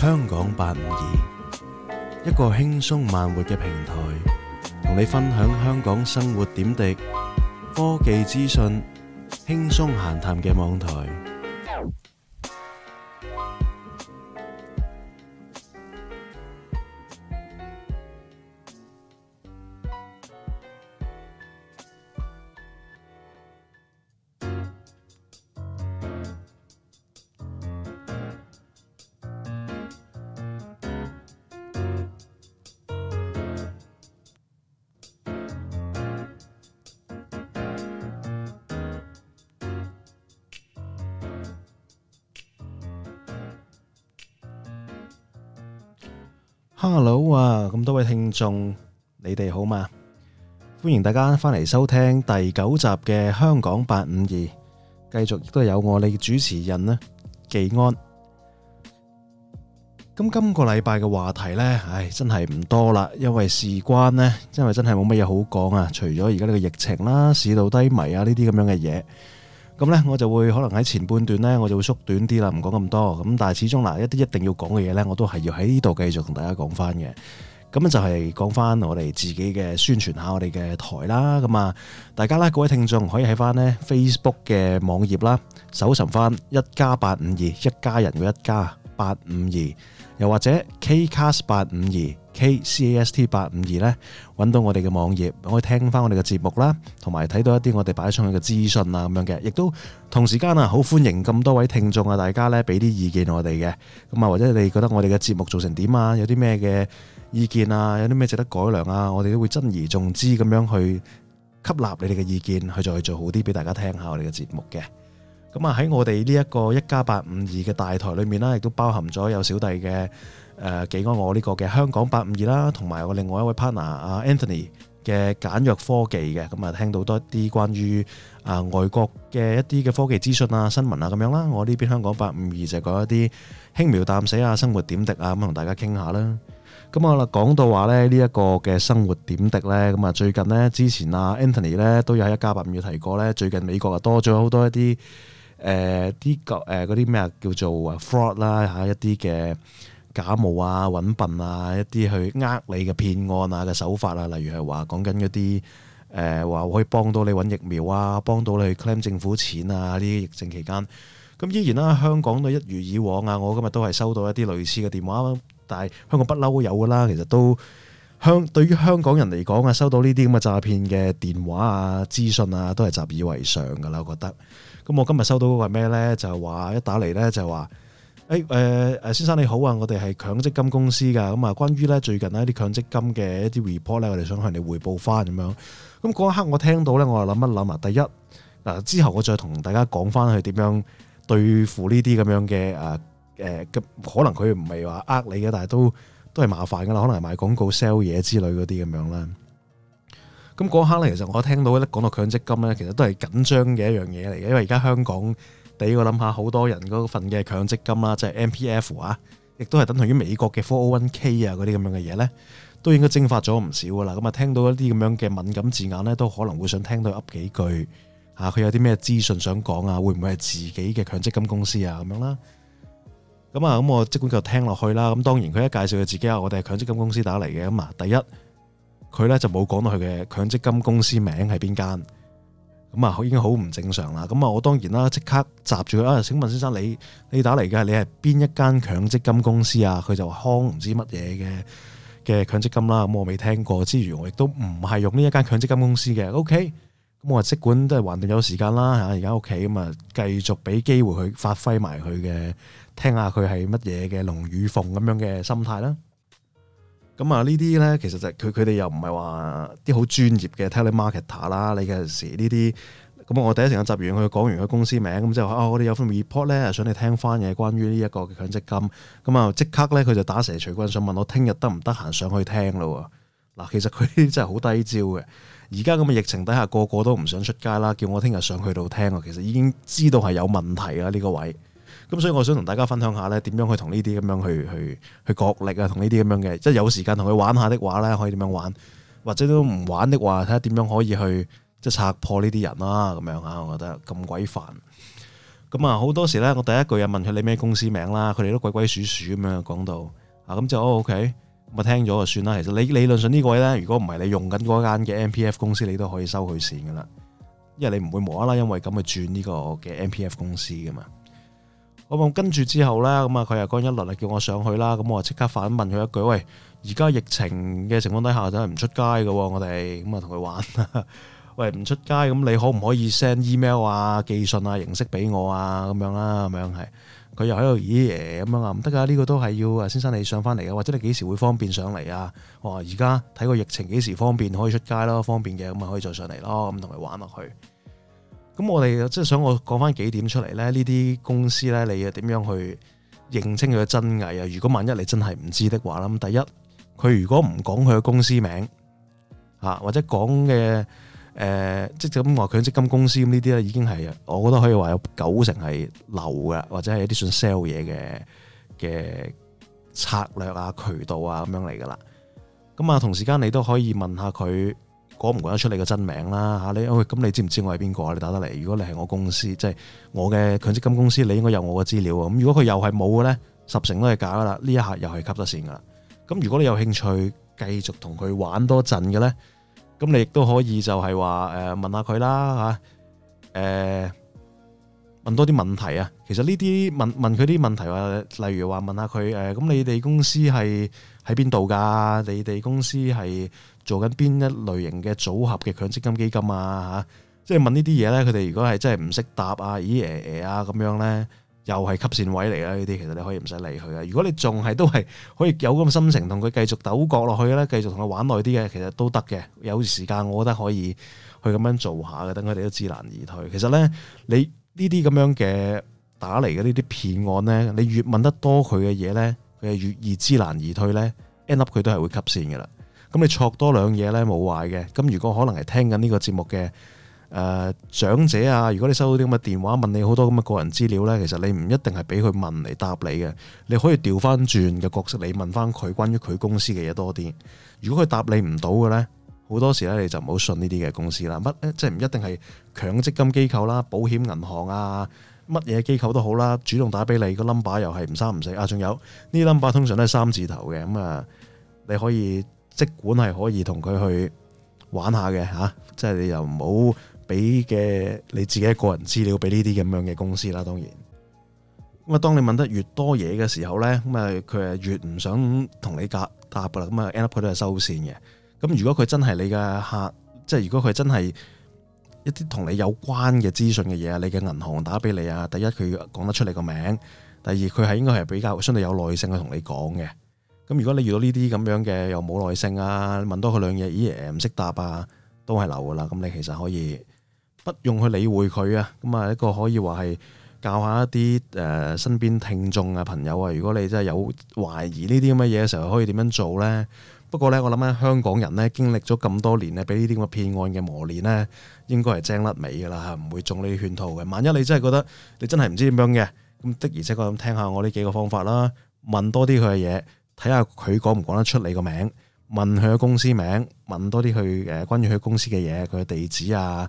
香港八五二，一個輕鬆慢活嘅平台，同你分享香港生活點滴、科技資訊、輕鬆閒談嘅網台。眾，你哋好嘛？歡迎大家翻嚟收聽第九集嘅香講八五二，繼續亦都有我哋主持人呢技安。咁今個禮拜嘅話題呢，唉，真係唔多啦，因為事關呢，因為真係冇乜嘢好講啊，除咗而家呢個疫情啦、市道低迷啊呢啲咁樣嘅嘢。咁呢，我就會可能喺前半段呢，我就會縮短啲啦，唔講咁多。咁但係始終嗱，一啲一定要講嘅嘢呢，我都係要喺呢度繼續同大家講翻嘅。咁就係講翻我哋自己嘅宣傳下我哋嘅台啦。咁啊，大家啦，各位聽眾可以喺翻呢 Facebook 嘅網頁啦，搜尋翻一加八五二一家人嘅一家八五二，52，又或者 Kcast 八五二。KCAST 八五二咧，揾到我哋嘅網頁，可以聽翻我哋嘅節目啦，同埋睇到一啲我哋擺上去嘅資訊啊咁樣嘅，亦都同時間啊，好歡迎咁多位聽眾啊，大家咧俾啲意見我哋嘅，咁啊或者你覺得我哋嘅節目做成點啊，有啲咩嘅意見啊，有啲咩值得改良啊，我哋都會珍而重之咁樣去吸納你哋嘅意見，去再做好啲俾大家聽下我哋嘅節目嘅。咁啊喺我哋呢一個一加八五二嘅大台裏面啦，亦都包含咗有小弟嘅。誒技安，啊、我呢個嘅香港八五二啦，同埋我另外一位 partner 阿、啊、Anthony 嘅簡約科技嘅，咁啊聽到多一啲關於啊外國嘅一啲嘅科技資訊啊，新聞啊咁樣啦。我呢邊香港八五二就講一啲輕描淡寫啊，生活點滴啊咁同、啊、大家傾下啦。咁啊、嗯，啦講到話咧呢一、這個嘅生活點滴咧，咁啊最近咧，之前啊 Anthony 咧都有喺一加八五二提過咧，最近美國啊多咗好多一啲誒啲個嗰啲咩叫做 fraud 啦嚇一啲嘅。假冒啊、揾笨啊、一啲去呃你嘅騙案啊嘅手法啊，例如係話講緊嗰啲誒話可以幫到你揾疫苗啊，幫到你去 claim 政府錢啊，呢啲疫症期間咁、嗯、依然啦、啊，香港都一如以往啊！我今日都係收到一啲類似嘅電話，但係香港不嬲都有噶啦。其實都香對於香港人嚟講啊，收到呢啲咁嘅詐騙嘅電話啊、資訊啊，都係習以為常噶啦。我覺得咁，我今日收到嗰個咩呢？就係、是、話一打嚟呢，就係話。誒，誒、哎，誒、呃，先生你好啊！我哋係強積金公司噶，咁、嗯、啊，關於咧最近呢啲強積金嘅一啲 report 咧，我哋想向你匯報翻咁樣。咁嗰一刻我聽到咧，我啊諗一諗啊，第一嗱、啊，之後我再同大家講翻係點樣對付呢啲咁樣嘅啊，誒，咁可能佢唔係話呃你嘅，但係都都係麻煩噶啦，可能係賣廣告、sell 嘢之類嗰啲咁樣啦。咁嗰一刻咧，其實我聽到咧講到強積金咧，其實都係緊張嘅一樣嘢嚟嘅，因為而家香港。畀我諗下，好多人嗰份嘅強積金啦，即係 MPF 啊，亦都係等同於美國嘅 401K 啊嗰啲咁樣嘅嘢呢，都應該蒸發咗唔少噶啦。咁啊，聽到一啲咁樣嘅敏感字眼呢，都可能會想聽到噏幾句啊，佢有啲咩資訊想講啊？會唔會係自己嘅強積金公司啊？咁樣啦。咁啊，咁、啊、我即管就聽落去啦。咁、啊、當然佢一介紹佢自己啊，我哋係強積金公司打嚟嘅咁啊。第一，佢呢就冇講到佢嘅強積金公司名係邊間。咁啊，已經好唔正常啦！咁啊，我當然啦，即刻閘住佢啊！請問先生，你你打嚟嘅，你係邊一間強積金公司啊？佢就話康唔知乜嘢嘅嘅強積金啦，咁我未聽過。之餘，我亦都唔係用呢一間強積金公司嘅。OK，咁我話即管都係還定有時間啦嚇，而家屋企咁啊，繼續俾機會佢發揮埋佢嘅，聽下佢係乜嘢嘅龍與鳳咁樣嘅心態啦。咁啊，嗯、呢啲咧，其實就佢佢哋又唔係話啲好專業嘅，telemarketer 啦，你嘅時呢啲，咁、嗯、我第一時間集完佢講完佢公司名，咁、嗯、之後我哋、哦、有份 report 咧，想你聽翻嘅關於呢一個嘅強積金，咁啊即刻咧佢就打蛇隨棍，想問我聽日得唔得閒上去聽咯。嗱，其實佢啲真係好低招嘅。而家咁嘅疫情底下，個個都唔想出街啦，叫我聽日上去度聽啊，其實已經知道係有問題啦呢、呢個位。咁所以我想同大家分享下咧，點樣去同呢啲咁樣去去去角力啊，同呢啲咁樣嘅，即係有時間同佢玩下的話咧，可以點樣玩，或者都唔玩的話，睇下點樣可以去即係拆破呢啲人啦、啊，咁樣啊，我覺得咁鬼煩。咁啊，好多時咧，我第一句啊問佢你咩公司名啦，佢哋都鬼鬼祟祟咁樣講到啊，咁就、哦、OK，咁啊聽咗就算啦。其實理理論上呢個位咧，如果唔係你用緊嗰間嘅 M P F 公司，你都可以收佢線噶啦，因為你唔會無啦啦因為咁去轉呢個嘅 M P F 公司噶嘛。咁、嗯、跟住之後呢，咁啊佢又講一輪啊，叫我上去啦。咁、嗯、我即刻反問佢一句，喂，而家疫情嘅情況底下真係唔出街嘅喎、哦，我哋咁啊同佢玩呵呵。喂，唔出街咁、嗯，你可唔可以 send email 啊、寄信啊形式俾我啊？咁樣啦，咁樣係佢又喺度，咦？咁、欸、樣啊，唔得㗎！呢、這個都係要先生你上翻嚟嘅，或者你幾時會方便上嚟啊？我話而家睇個疫情幾時方便可以出街咯，方便嘅咁咪可以再上嚟咯，咁同佢玩落去。咁我哋即係想我講翻幾點出嚟咧？呢啲公司咧，你又點樣去認清佢嘅真偽啊？如果萬一你真係唔知的話啦，咁第一，佢如果唔講佢嘅公司名啊，或者講嘅誒，即係咁話強積金公司咁呢啲咧，嗯、已經係我覺得可以話有九成係流嘅，或者係一啲算 sell 嘢嘅嘅策略啊、渠道啊咁樣嚟噶啦。咁啊，同時間你都可以問下佢。講唔講得出你個真名啦？吓你，喂，咁你知唔知我係邊個啊？你打得嚟？如果你係我公司，即係我嘅強積金公司，你應該有我嘅資料啊。咁如果佢又係冇嘅咧，十成都係假噶啦。呢一刻又係 cut 咗線噶啦。咁如果你有興趣繼續同佢玩多陣嘅咧，咁你亦都可以就係話誒問下佢啦吓，誒問多啲問題啊。其實呢啲問問佢啲問題，話例如話問下佢誒，咁你哋公司係喺邊度噶？你哋公司係。做緊邊一類型嘅組合嘅強積金基金啊吓、啊，即係問呢啲嘢咧，佢哋如果係真係唔識答啊，咦誒誒啊咁樣咧，又係吸線位嚟啊。呢啲，其實你可以唔使理佢啊。如果你仲係都係可以有咁嘅心情同佢繼續鬥角落去咧，繼續同佢玩耐啲嘅，其實都得嘅。有時間我覺得可以去咁樣做下嘅，等佢哋都知難而退。其實咧，你這這呢啲咁樣嘅打嚟嘅呢啲騙案咧，你越問得多佢嘅嘢咧，佢係越易知難而退咧，end up 佢都係會吸線嘅啦。咁你錯多兩嘢咧冇壞嘅。咁如果可能係聽緊呢個節目嘅誒長者啊，如果你收到啲咁嘅電話問你好多咁嘅個人資料咧，其實你唔一定係俾佢問嚟答你嘅。你可以調翻轉嘅角色，你問翻佢關於佢公司嘅嘢多啲。如果佢答你唔到嘅咧，好多時咧你就唔好信呢啲嘅公司啦。乜即係唔一定係強積金機構啦、保險銀行啊、乜嘢機構都好啦，主動打俾你個 number 又係唔三唔四啊，仲有呢啲 number 通常都係三字頭嘅。咁啊，你可以。即管係可以同佢去玩下嘅吓、啊，即係你又唔好俾嘅你自己個人資料俾呢啲咁樣嘅公司啦。當然，咁啊，當你問得越多嘢嘅時候咧，咁啊，佢係越唔想同你夾搭噶啦。咁啊，end up 佢都係收線嘅。咁如果佢真係你嘅客，即係如果佢真係一啲同你有關嘅資訊嘅嘢啊，你嘅銀行打俾你啊，第一佢講得出你個名，第二佢係應該係比較相對有耐性去同你講嘅。咁如果你遇到呢啲咁樣嘅又冇耐性啊，問多佢兩嘢，咦唔識答啊，都係流噶啦。咁你其實可以不用去理會佢啊。咁啊，一個可以話係教下一啲誒身邊聽眾啊朋友啊，如果你真係有懷疑呢啲咁嘅嘢嘅時候，可以點樣做呢？不過呢，我諗咧香港人呢，經歷咗咁多年咧，俾呢啲咁嘅騙案嘅磨練呢，應該係精甩尾噶啦，唔會中呢啲圈套嘅。萬一你真係覺得你真係唔知點樣嘅，咁的而且確咁聽下我呢幾個方法啦，問多啲佢嘅嘢。睇下佢講唔講得出你個名，問佢嘅公司名，問多啲佢誒，關於佢公司嘅嘢，佢嘅地址啊，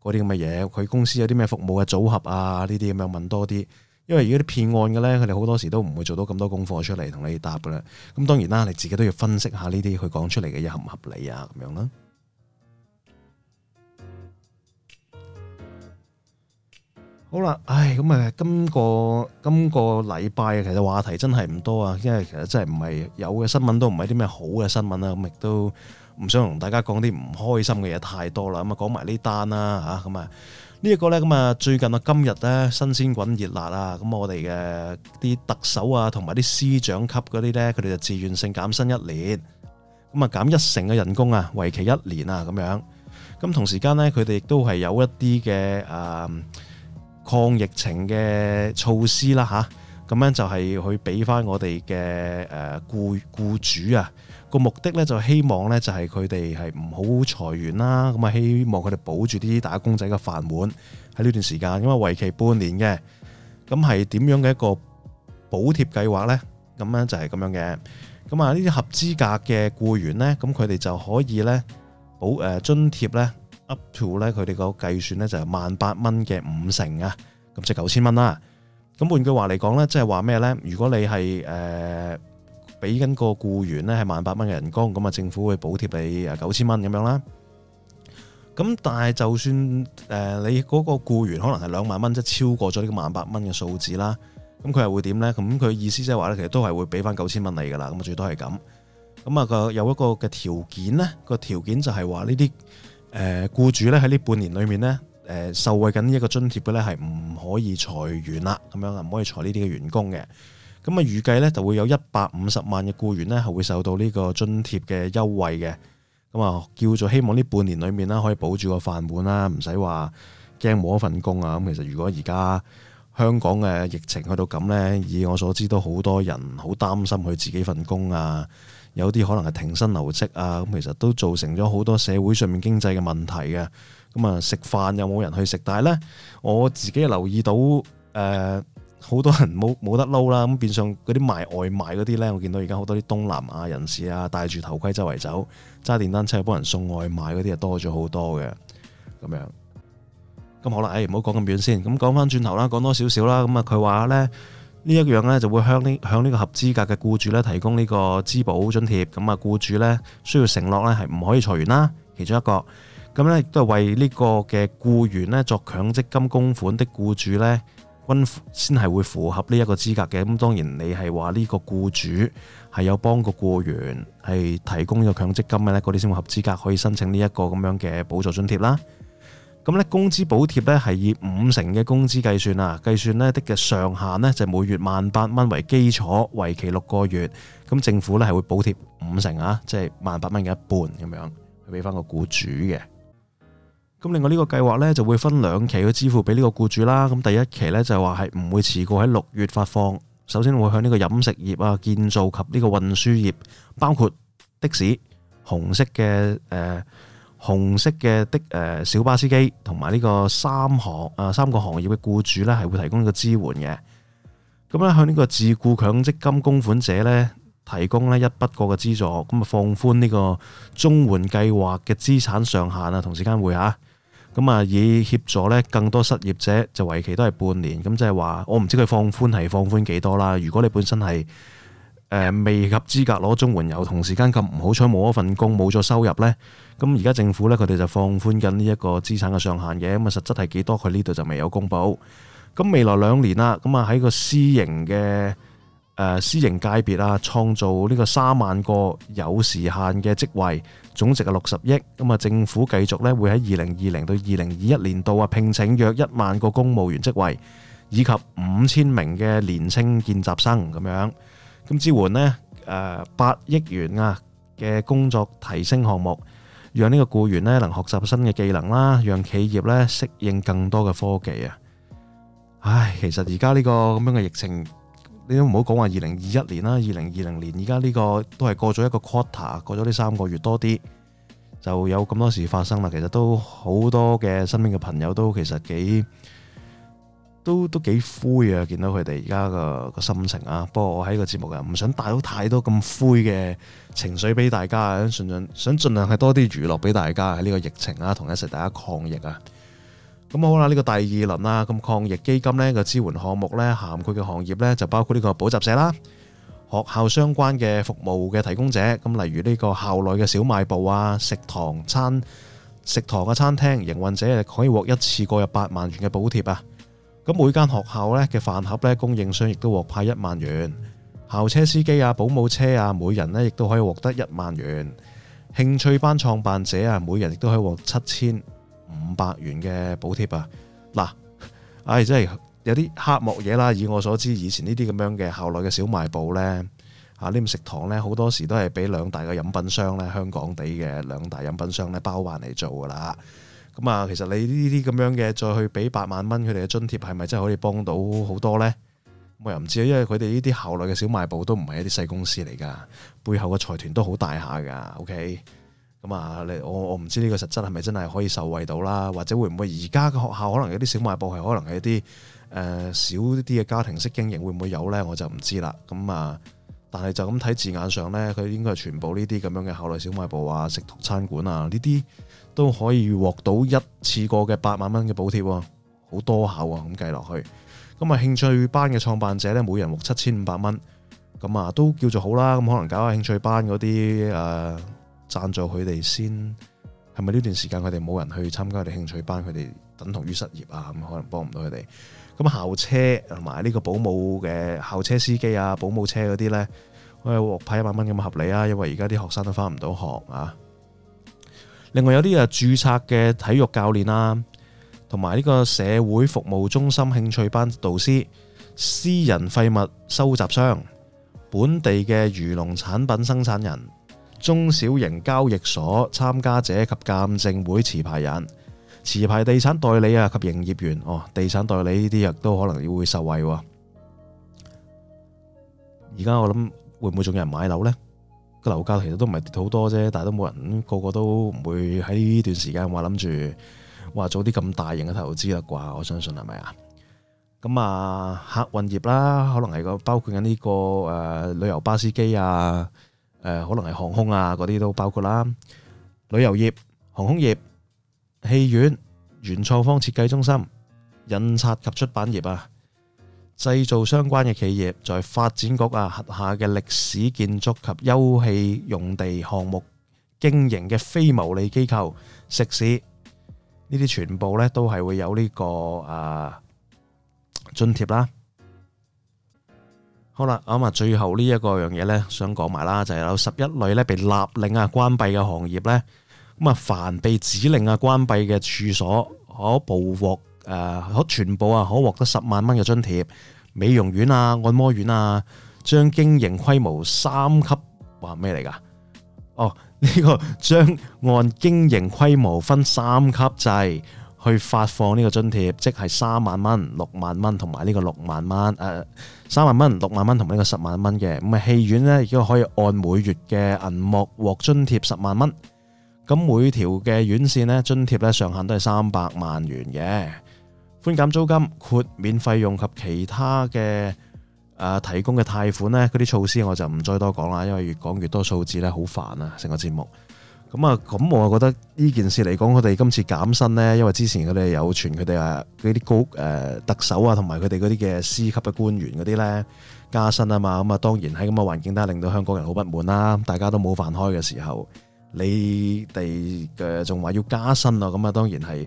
嗰啲咁嘅嘢，佢公司有啲咩服務嘅組合啊，呢啲咁樣問多啲，因為而家啲騙案嘅咧，佢哋好多時都唔會做到咁多功課出嚟同你答嘅啦。咁當然啦，你自己都要分析下呢啲佢講出嚟嘅嘢合唔合理啊，咁樣啦。好啦，唉，咁啊，今個今個禮拜啊，其實話題真係唔多啊，因為其實真係唔係有嘅新聞，都唔係啲咩好嘅新聞啊。咁亦都唔想同大家講啲唔開心嘅嘢太多啦。咁啊，講埋呢單啦嚇，咁啊呢一個呢咁啊，最近啊，今日呢新鮮滾熱辣啊，咁我哋嘅啲特首啊，同埋啲司長級嗰啲呢，佢哋就自願性減薪一年，咁啊減一成嘅人工啊，為期一年啊，咁樣咁同時間呢，佢哋亦都係有一啲嘅啊。抗疫情嘅措施啦吓，咁、啊、樣就係去俾翻我哋嘅誒僱僱主啊，個目的咧就希望咧就係佢哋係唔好裁員啦，咁啊希望佢哋保住啲打工仔嘅飯碗喺呢段時間，因為為期半年嘅，咁係點樣嘅一個補貼計劃咧？咁、啊就是、樣就係咁樣嘅，咁啊呢啲合資格嘅雇員咧，咁佢哋就可以咧補誒津貼咧。up to 咧，佢哋個計算咧就係萬八蚊嘅五成啊，咁即係九千蚊啦。咁換句話嚟講咧，即係話咩咧？如果你係誒俾緊個僱員咧係萬八蚊嘅人工，咁啊政府會補貼你誒九千蚊咁樣啦。咁但係就算誒、呃、你嗰個僱員可能係兩萬蚊，即係超過咗呢個萬八蚊嘅數字啦。咁佢又會點咧？咁佢意思即係話咧，其實都係會俾翻九千蚊你噶啦。咁啊最多係咁。咁啊佢有一個嘅條件咧，個條件就係話呢啲。誒僱主咧喺呢半年裏面呢，誒受惠緊一個津貼嘅咧，係唔可以裁員啦，咁樣啊唔可以裁呢啲嘅員工嘅。咁啊預計咧就會有一百五十萬嘅僱員咧係會受到呢個津貼嘅優惠嘅。咁啊叫做希望呢半年裏面啦可以保住個飯碗啦，唔使話驚冇一份工啊。咁其實如果而家香港嘅疫情去到咁咧，以我所知都好多人好擔心佢自己份工啊。有啲可能係停薪留職啊，咁其實都造成咗好多社會上面經濟嘅問題嘅。咁、嗯、啊，食飯又冇人去食，但係呢，我自己留意到，誒、呃，好多人冇冇得撈啦，咁變相嗰啲賣外賣嗰啲呢，我見到而家好多啲東南亞人士啊，戴住頭盔周圍走，揸電單車幫人送外賣嗰啲啊，多咗好多嘅，咁樣。咁、嗯、好啦，誒、欸，唔好講咁遠先，咁講翻轉頭啦，講多少少啦，咁、嗯、啊，佢話呢。呢一樣咧就會向呢向呢個合資格嘅僱主咧提供呢個資保津貼，咁啊僱主咧需要承諾咧係唔可以裁員啦，其中一個，咁咧都係為呢個嘅僱員咧作強積金供款的僱主咧均先係會符合呢一個資格嘅，咁當然你係話呢個僱主係有幫個僱員係提供咗強積金嘅咧，嗰啲先會合資格可以申請呢一個咁樣嘅補助津貼啦。咁咧，工資補貼咧係以五成嘅工資計算啊，計算咧的嘅上限呢，就係每月萬八蚊為基礎，為期六個月。咁政府咧係會補貼五成啊，即係萬八蚊嘅一半咁樣，俾翻個僱主嘅。咁另外呢個計劃咧就會分兩期去支付俾呢個僱主啦。咁第一期咧就係話係唔會遲過喺六月發放。首先會向呢個飲食業啊、建造及呢個運輸業，包括的士，紅色嘅誒。呃紅色嘅的誒小巴司機同埋呢個三行啊，三個行業嘅僱主呢，係會提供呢個支援嘅。咁咧向呢個自僱強積金供款者呢，提供咧一筆過嘅資助，咁啊放寬呢個綜援計劃嘅資產上限啊，同時間會吓，咁啊以協助呢更多失業者，就為期都係半年，咁即係話我唔知佢放寬係放寬幾多啦。如果你本身係誒未及資格攞綜援，又同時間咁唔好彩冇一份工，冇咗收入呢。咁而家政府咧，佢哋就放寬緊呢一個資產嘅上限嘅。咁啊，實質係幾多？佢呢度就未有公佈。咁未來兩年啦，咁啊喺個私營嘅誒私營界別啊，創造呢個三萬個有時限嘅職位，總值係六十億。咁啊，政府繼續咧會喺二零二零到二零二一年度啊，聘請約一萬個公務員職位，以及五千名嘅年青見習生咁樣。咁支援呢誒八億元啊嘅工作提升項目。讓呢個僱員咧能學習新嘅技能啦，讓企業咧適應更多嘅科技啊！唉，其實而家呢個咁樣嘅疫情，你都唔好講話二零二一年啦，二零二零年，而家呢個都係過咗一個 quarter，過咗呢三個月多啲，就有咁多事發生啦。其實都好多嘅身邊嘅朋友都其實幾。都都幾灰啊！見到佢哋而家個個心情啊。不過我喺個節目啊，唔想帶到太多咁灰嘅情緒俾大家啊。想盡量係多啲娛樂俾大家喺呢個疫情啊，同一齊大家抗疫啊。咁好啦，呢個第二輪啦、啊，咁抗疫基金呢個支援項目呢，涵括嘅行業呢，就包括呢個補習社啦、學校相關嘅服務嘅提供者，咁例如呢個校內嘅小賣部啊、食堂餐食堂嘅餐廳營運者，可以獲一次過入八萬元嘅補貼啊。咁每間學校咧嘅飯盒咧供應商亦都獲派一萬元，校車司機啊、保姆車啊，每人咧亦都可以獲得一萬元。興趣班創辦者啊，每人亦都可以獲七千五百元嘅補貼啊！嗱，唉，哎，真係有啲黑幕嘢啦！以我所知，以前呢啲咁樣嘅校內嘅小賣部呢，啊，呢咁食堂呢，好多時都係俾兩大嘅飲品商咧，香港地嘅兩大飲品商咧包辦嚟做噶啦。咁啊，其實你呢啲咁樣嘅，再去俾八萬蚊佢哋嘅津貼，係咪真係可以幫到好多呢？我又唔知啊，因為佢哋呢啲校內嘅小賣部都唔係一啲細公司嚟噶，背後嘅財團都好大下噶。OK，咁、嗯、啊，你我我唔知呢個實質係咪真係可以受惠到啦，或者會唔會而家嘅學校可能有啲小賣部係可能係一啲誒少啲嘅家庭式經營，會唔會有呢？我就唔知啦。咁、嗯、啊，但係就咁睇字眼上呢，佢應該係全部呢啲咁樣嘅校內小賣部啊、食堂、餐館啊呢啲。都可以獲到一次過嘅八萬蚊嘅補貼喎，好多口下喎，咁計落去，咁、嗯、啊興趣班嘅創辦者呢，每人獲七千五百蚊，咁、嗯、啊都叫做好啦，咁、嗯、可能搞下興趣班嗰啲誒贊助佢哋先，係咪呢段時間佢哋冇人去參加啲興趣班，佢哋等同於失業啊，咁、嗯、可能幫唔到佢哋，咁、嗯、校車同埋呢個保姆嘅校車司機啊，保姆車嗰啲呢，我哋獲派一萬蚊咁合理啊，因為而家啲學生都翻唔到學啊。另外有啲啊註冊嘅體育教練啊，同埋呢個社會服務中心興趣班導師、私人廢物收集商、本地嘅漁農產品生產人、中小型交易所參加者及證監會持牌人、持牌地產代理啊及營業員哦，地產代理呢啲亦都可能要會受惠。而家我諗會唔會仲有人買樓呢？個樓價其實都唔係跌好多啫，但係都冇人，個個都唔會喺呢段時間話諗住話做啲咁大型嘅投資啦啩，我相信係咪啊？咁啊，客運業啦，可能係個包括緊、這、呢個誒、呃、旅遊巴士機啊，誒、呃、可能係航空啊嗰啲都包括啦。旅遊業、航空業、戲院、原創方設計中心、印刷及出版業啊。製造相關嘅企業，在發展局啊轄下嘅歷史建築及休憩用地項目經營嘅非牟利機構食肆，呢啲全部呢都係會有呢、這個啊津貼啦。好啦，咁啊，最後呢一個樣嘢呢，想講埋啦，就係、是、有十一類咧被勒令啊關閉嘅行業呢。咁啊凡被指令啊關閉嘅處所可捕獲。誒，可全部啊，可獲得十萬蚊嘅津貼。美容院啊，按摩院啊，將經營規模三級話咩嚟㗎？哦，呢、這個將按經營規模分三級制去發放呢個津貼，即係三萬蚊、六萬蚊同埋呢個六萬蚊。誒、呃，三萬蚊、六萬蚊同埋呢個十萬蚊嘅。咁啊，戲院呢，亦都可以按每月嘅銀幕獲津貼十萬蚊。咁每條嘅院綫呢，津貼呢上限都係三百萬元嘅。寬減租金、豁免費用及其他嘅、誒、呃、提供嘅貸款呢，嗰啲措施我就唔再多講啦，因為越講越多數字呢，好煩啊，成個節目。咁、嗯、啊，咁我啊覺得呢件事嚟講，佢哋今次減薪呢，因為之前佢哋有傳，佢哋話嗰啲高誒特首啊，同埋佢哋嗰啲嘅司級嘅官員嗰啲呢，加薪啊嘛，咁、嗯、啊當然喺咁嘅環境底下，令到香港人好不滿啦。大家都冇飯開嘅時候，你哋嘅仲話要加薪啊，咁、嗯、啊當然係。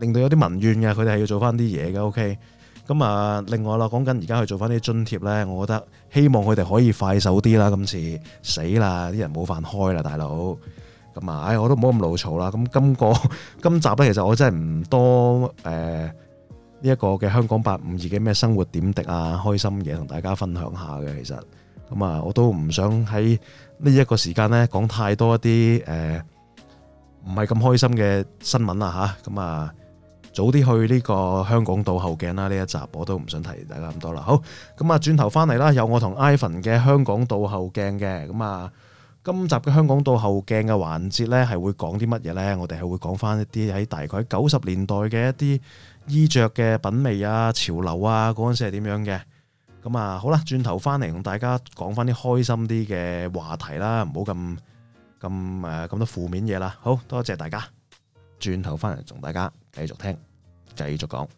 令到有啲民怨嘅，佢哋係要做翻啲嘢嘅。OK，咁啊，另外啦，講緊而家去做翻啲津貼咧，我覺得希望佢哋可以快手啲啦。今次死啦，啲人冇飯開啦，大佬。咁啊，唉，我都唔好咁老嘈啦。咁今個今集咧，其實我真係唔多誒呢一個嘅香港八五二嘅咩生活點滴啊，開心嘢同大家分享下嘅。其實咁啊，我都唔想喺呢一個時間咧講太多一啲誒唔係咁開心嘅新聞啦吓。咁啊～早啲去呢個香港倒後鏡啦！呢一集我都唔想提大家咁多啦。好，咁啊轉頭翻嚟啦，有我同 Ivan 嘅香港倒後鏡嘅。咁啊，今集嘅香港倒後鏡嘅環節呢，係會講啲乜嘢呢？我哋係會講翻一啲喺大概九十年代嘅一啲衣著嘅品味啊、潮流啊嗰陣時係點樣嘅。咁啊，好啦，轉頭翻嚟同大家講翻啲開心啲嘅話題啦，唔好咁咁誒咁多負面嘢啦。好多謝大家，轉頭翻嚟同大家。繼續聽，繼續講。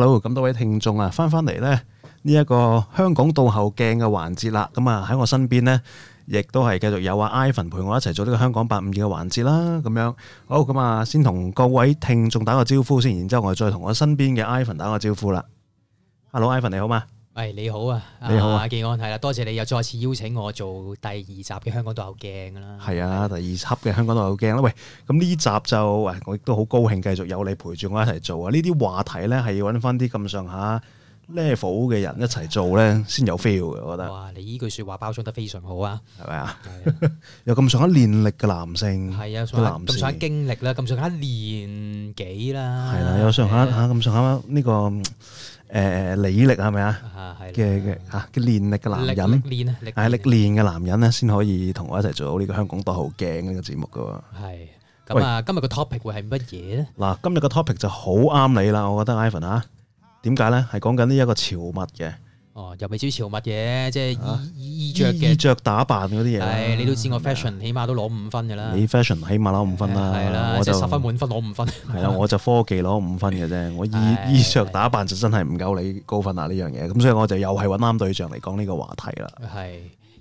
hello，咁多位聽眾啊，翻翻嚟呢，呢一個香港倒後鏡嘅環節啦，咁啊喺我身邊呢，亦都係繼續有阿 Ivan 陪我一齊做呢個香講852嘅環節啦，咁樣好，咁啊先同各位聽眾打個招呼先，然之後我再同我身邊嘅 Ivan 打個招呼啦。Hello，Ivan 你好嘛？喂，你好啊，你好啊，技安係啦，多謝你又再次邀請我做第二集嘅香港倒後鏡噶啦，係啊，第二輯嘅香港倒後鏡啦。喂，咁呢集就，我亦都好高興繼續有你陪住我一齊做啊。呢啲話題呢，係要揾翻啲咁上下 level 嘅人一齊做呢，先有 feel 嘅。我覺得，哇，你呢句說話包裝得非常好啊，係咪啊？有咁上下年歷嘅男性，係啊，咁上下經歷啦，咁上下年紀啦，係啦，有上下咁上下呢個。誒，力力係咪、這個這個、啊？嘅嘅嚇，嘅練力嘅男人咧，係力練嘅男人咧，先可以同我一齊做好呢個香港倒後鏡嘅節目噶喎。咁啊，今日個 topic 會係乜嘢咧？嗱，今日個 topic 就好啱你啦，我覺得，Ivan 啊，點解咧？係講緊呢一個潮物嘅。哦，又未知潮乜嘢，即係衣衣着嘅，衣着打扮嗰啲嘢。係，你都知我 fashion，起碼都攞五分嘅啦。你 fashion 起碼攞五分啦，我就十分滿分攞五分。係啦，我就科技攞五分嘅啫，我衣衣着打扮就真係唔夠你高分啊呢樣嘢。咁所以我就又係揾啱對象嚟講呢個話題啦。係。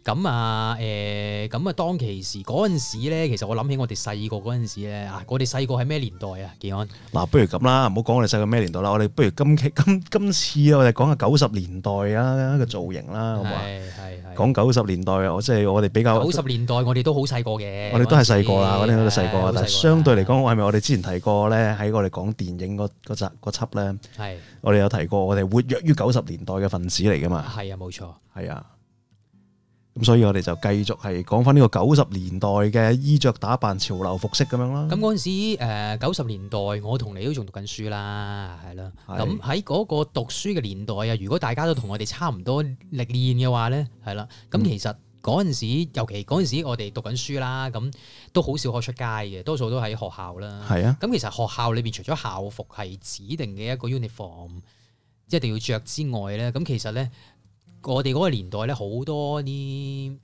咁啊，誒、嗯，咁、嗯、啊、嗯，當其時嗰陣時咧，其實我諗起我哋細個嗰陣時咧，啊，我哋細個係咩年代健啊？技安，嗱，不如咁啦，唔好講我哋細個咩年代啦，我哋不如今期今今次我哋講下九十年代啊個造型啦，係係講九十年代，即我即係我哋比較九十年代我我，我哋都好細個嘅，我哋都係細個啦，我哋都係細個，但係相對嚟講，係咪我哋之前提過咧？喺我哋講電影嗰集嗰輯咧，係、那個、是我哋有提過，我哋活躍於九十年代嘅分子嚟噶嘛？係啊，冇錯，係啊。咁所以，我哋就繼續係講翻呢個九十年代嘅衣着打扮、潮流服飾咁樣啦。咁嗰陣時，誒九十年代，我同你都仲讀緊書啦，係咯。咁喺嗰個讀書嘅年代啊，如果大家都同我哋差唔多歷練嘅話咧，係啦。咁其實嗰陣時，尤其嗰陣時我，我哋讀緊書啦，咁都好少可出街嘅，多數都喺學校啦。係啊的。咁其實學校裏面除咗校服係指定嘅一個 uniform，一定要着之外咧，咁其實咧。我哋嗰個年代咧，好多啲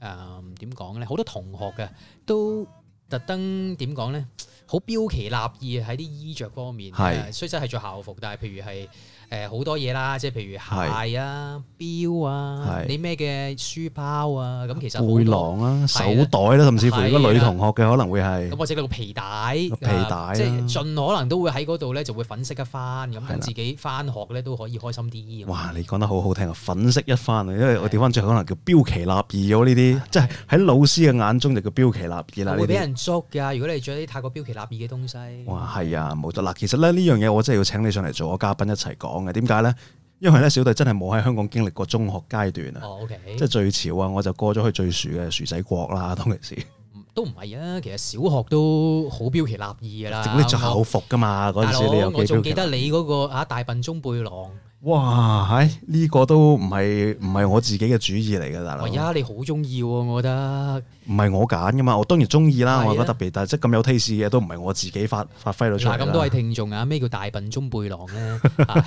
誒點講咧，好、呃、多同學嘅都特登點講咧，好標奇立異喺啲衣着方面，是雖則係着校服，但係譬如係。誒好多嘢啦，即係譬如鞋啊、錶啊、你咩嘅書包啊，咁其實背囊啊、手袋啦，甚至乎如果女同學嘅可能會係咁或者你皮帶、皮帶，即係盡可能都會喺嗰度咧就會粉飾一番，咁樣自己翻學咧都可以開心啲。哇！你講得好好聽啊，粉飾一番啊，因為我調翻轉可能叫標奇立異咗呢啲，即係喺老師嘅眼中就叫標奇立異啦。會俾人捉㗎，如果你着啲太過標奇立異嘅東西。哇，係啊，冇得嗱，其實咧呢樣嘢我真係要請你上嚟做個嘉賓一齊講。點解咧？因為咧，小弟真係冇喺香港經歷過中學階段啊！哦 okay. 即係最潮啊，我就過咗去最薯嘅薯仔國啦，當其時都唔係啊。其實小學都好標奇立異噶啦，食啲校服噶嘛。嗰陣時你又記得，仲記得你嗰個啊大笨鐘背囊？哇！呢個都唔係唔係我自己嘅主意嚟嘅，大佬。呀！你好中意喎，我覺得。唔係我揀嘅嘛，我當然中意啦。我覺得特別，但係即咁有 taste 嘅都唔係我自己發發揮到出嚟。咁多位聽眾啊，咩叫大笨鐘背囊咧？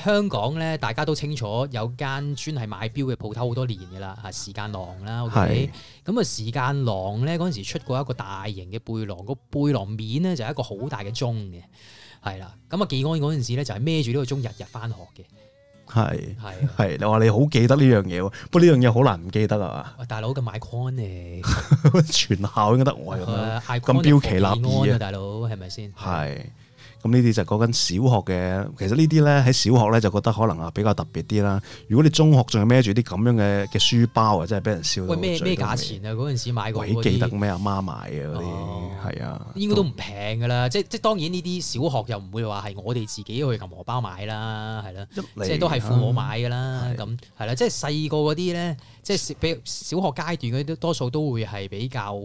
香港咧大家都清楚有間專係買表嘅鋪頭好多年嘅啦，啊時間廊啦，OK。咁啊，時間廊咧嗰陣時出過一個大型嘅背囊，個背囊面咧就係一個好大嘅鐘嘅，係啦。咁啊，技安嗰陣時咧就係孭住呢個鐘日日返學嘅。係係、啊啊啊，你話你好記得呢樣嘢喎？不過呢樣嘢好難唔記得啊嘛！大佬嘅買 Con 你， 全校應該得我係咁樣，哦啊、標奇立異啊！大佬係咪先？係。咁呢啲就係講緊小學嘅，其實呢啲咧喺小學咧就覺得可能啊比較特別啲啦。如果你中學仲係孭住啲咁樣嘅嘅書包啊，真係俾人笑到。喂，咩咩價錢啊？嗰陣時買過幾多錢？記得咩？阿媽買嘅嗰啲，係、哦、啊，應該都唔平噶啦。即即當然呢啲小學又唔會話係我哋自己去銀河包買啦，係啦、啊，啊、即都係父母買噶啦。咁係啦，即細個嗰啲咧，即小比如小學階段嗰啲都多數都會係比較。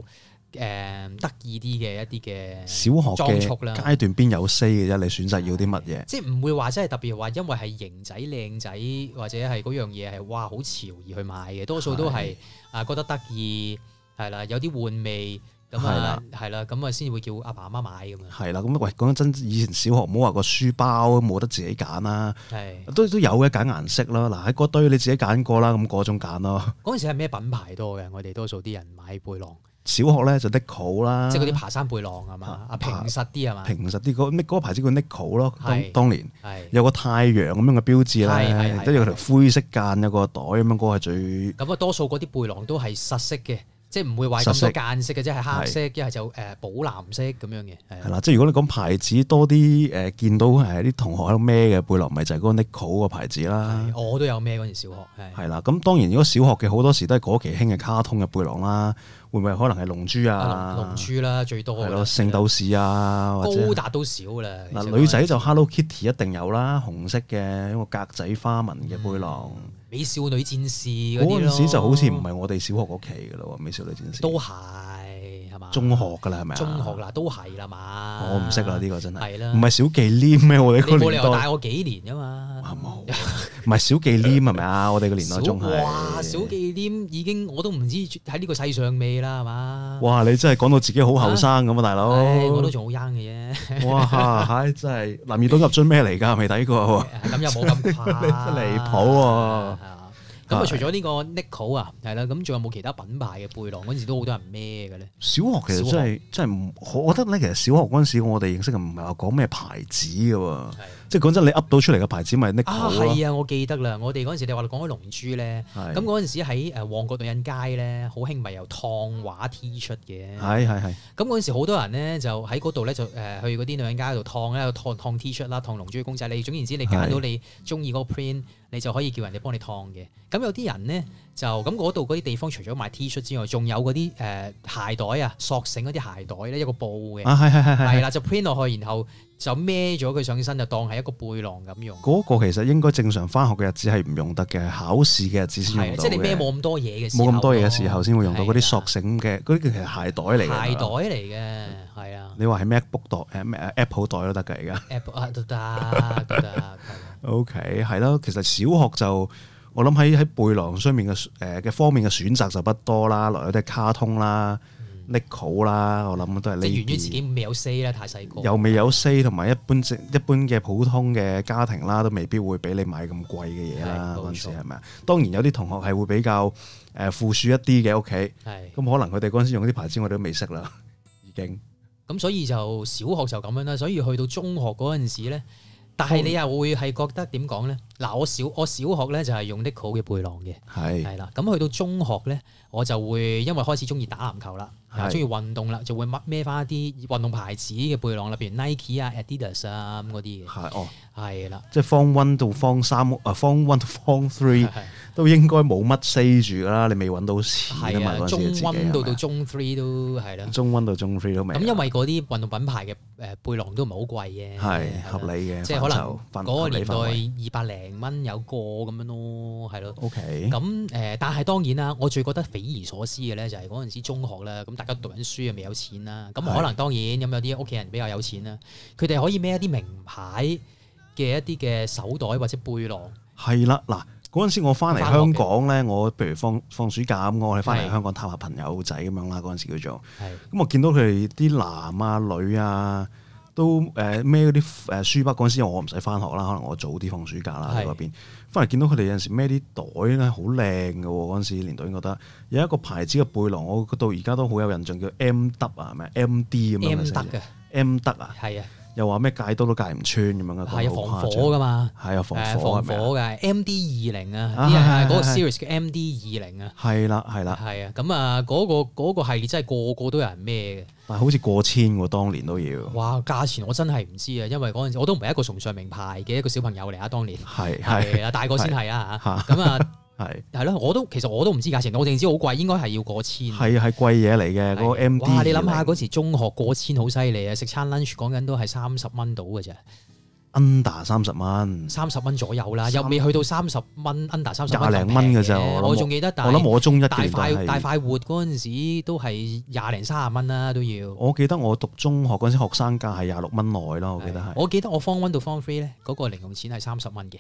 誒、嗯、得意啲嘅一啲嘅小學嘅階段邊有 say 嘅啫？你選擇要啲乜嘢？即係唔會話真係特別話，因為係型仔靚仔或者係嗰樣嘢係哇好潮而去買嘅，多數都係啊覺得得意係啦，有啲玩味咁啊係啦，咁啊先會叫阿爸阿媽買咁啊係啦。咁喂講真，以前小學唔好話個書包冇得自己揀啦，係都的都有嘅揀顏色啦。嗱，喺嗰堆你自己揀過啦，咁嗰種揀咯。嗰陣時係咩品牌多嘅？我哋多數啲人買背囊。小學咧就是、Niko 啦，即係嗰啲爬山背囊啊嘛，平實啲係嘛，平實啲嗰嗰個牌子叫 Niko 咯，是當年有個太陽咁樣嘅標誌啦，跟住佢條灰色間有個袋咁、那個、樣，嗰個係最。咁啊，多數嗰啲背囊都係實色嘅，即係唔會話咁多間色嘅，即係色黑色，一係是就誒寶、呃、藍色咁樣嘅。係啦，即係如果你講牌子多啲，誒、呃、見到誒啲同學喺度孭嘅背囊，咪的就係、是、嗰個 Niko 個牌子啦。我都有孭嗰時小學。係啦，咁當然如果小學嘅好多時都係嗰期興嘅卡通嘅背囊啦。會唔會可能係龍珠啊，啊？龍珠啦，最多係聖鬥士啊，或者高達都少啦。嗱，女仔就 Hello Kitty 一定有啦，紅色嘅一個格仔花紋嘅背囊、嗯。美少女戰士嗰陣時就好似唔係我哋小學嗰期嘅咯喎，美少女戰士都係。中學噶啦，係咪啊？中學嗱都係啦嘛。我唔識啦，呢個真係。係啦。唔係小忌廉咩？我哋嗰年代。你冇理由大我幾年噶嘛？唔係小忌廉係咪啊？我哋個年代中學。哇！小忌廉已經我都唔知喺呢個世上未啦，係嘛？哇！你真係講到自己好後生咁啊，大佬。我都仲好 young 嘅嘢。哇！唉，真係男兒當入樽咩嚟噶？係咪？睇過。咁又冇咁你真離譜喎！咁啊，除咗呢個 Niko 啊，係啦，咁仲有冇其他品牌嘅背囊，嗰陣時都好多人孭嘅咧？小學其實真係小學真係，我覺得咧，其實小學嗰陣時我哋認識唔係話講咩牌子嘅喎。即係嗰陣你噏到出嚟嘅牌子咪 Niko？啊係啊！我記得啦，我哋嗰陣時你話講開龍珠咧，咁嗰陣時喺誒旺角女人街咧好興，咪有燙畫 T 恤嘅。係係係。咁嗰陣時好多人咧就喺嗰度咧就誒去嗰啲女人街度燙咧，燙燙 T 恤啦，燙龍珠公仔。你總言之，你揀到你中意嗰個 print，你就可以叫人哋幫你燙嘅。咁有啲人咧就咁嗰度嗰啲地方，除咗賣 T 恤之外，仲有嗰啲誒鞋袋啊、索繩嗰啲鞋袋咧，一個布嘅。啊係係啦，就 print 落去，然後。就孭咗佢上身，就當係一個背囊咁用。嗰個其實應該正常返學嘅日子係唔用得嘅，考試嘅日子先用到。即係你孭冇咁多嘢嘅，冇咁多嘢嘅時候，先會用到嗰啲索繩嘅嗰啲叫其實鞋袋嚟嘅。鞋袋嚟嘅，係啊。你話係 MacBook 袋、誒 Apple 袋都得㗎而家。Apple 都得，都得，係。OK，係咯。其實小學就我諗喺喺背囊上面嘅誒嘅方面嘅選擇就不多啦，來有啲卡通啦。Niko 啦，我諗都係你。即係源於自己未有 C 啦，太細個。又未有 C，同埋一般一般嘅普通嘅家庭啦，都未必會俾你買咁貴嘅嘢啦。嗰陣的時係咪？錯當然有啲同學係會比較誒富庶一啲嘅屋企。係的。咁可能佢哋嗰陣時用啲牌子，我哋都未識啦，已經。咁所以就小學就咁樣啦，所以去到中學嗰陣時咧，但係你又會係覺得點講咧？嗱，我小我小學咧就係、是、用 Niko 嘅背囊嘅，係的，係啦。咁去到中學咧，我就會因為開始中意打籃球啦，啊，中意運動啦，就會孭翻一啲運動牌子嘅背囊，例如 Nike 啊、Adidas 啊咁嗰啲嘅，係哦，係啦的。即係 Form One 到 Form 三啊，Form One 到 Form Three 都應該冇乜 say 住噶啦，你未揾到錢啊的中 One 到到中 Three 都係啦，中 One 到中 Three 都未。咁因為嗰啲運動品牌嘅誒背囊都唔係好貴嘅，係合理嘅，即係可能嗰個年代二百零。零蚊有個咁樣咯，係咯。OK。咁誒，但係當然啦，我最覺得匪夷所思嘅咧，就係嗰陣時中學啦，咁大家讀緊書啊，未有錢啦。咁可能當然咁有啲屋企人比較有錢啦，佢哋的可以孭一啲名牌嘅一啲嘅手袋或者背囊。係啦，嗱，嗰陣時我翻嚟香港咧，的我譬如放放暑假咁，我哋翻嚟香港探下朋友仔咁樣啦。嗰陣時叫做。係的。咁我見到佢哋啲男啊、女啊。都誒孭嗰啲誒書包，嗰陣時，我唔使翻學啦，可能我早啲放暑假啦，喺嗰邊翻嚟見到佢哋有陣時孭啲袋咧，好靚嘅喎，嗰陣時年代，覺得有一個牌子嘅背囊，我到而家都好有印象，叫 M W 啊，咩 M D 咁樣嘅 M 嘅 MD 啊，係啊。又話咩戒刀都戒唔穿咁樣嘅，係有防火嘅嘛？係啊，防火嘅 MD20 啊，啲嗰個 series 叫 MD20 啊，係啦，係啦，係啊，咁啊，嗰個嗰個系列真係個個都有人孭嘅，但係好似過千喎，當年都要。哇，價錢我真係唔知啊，因為嗰陣時我都唔係一個崇尚名牌嘅一個小朋友嚟啊，當年係，係啊，大個先係啊，嚇，咁啊。係係咯，我都其實我都唔知價錢，我淨知好貴，應該係要過千。係係貴嘢嚟嘅個 MD。哇！你諗下嗰時中學過千好犀利啊！食餐 lunch 講緊都係三十蚊到嘅啫，under 三十蚊，三十蚊左右啦，又未去到三十蚊 under 三十。廿零蚊嘅啫，我仲記得。我諗我中一大快大快活嗰陣時都係廿零三十蚊啦都要。我記得我讀中學嗰陣時學生價係廿六蚊內咯，的我記得係。我記得我 form one 到 form three 咧，嗰個零用錢係三十蚊嘅。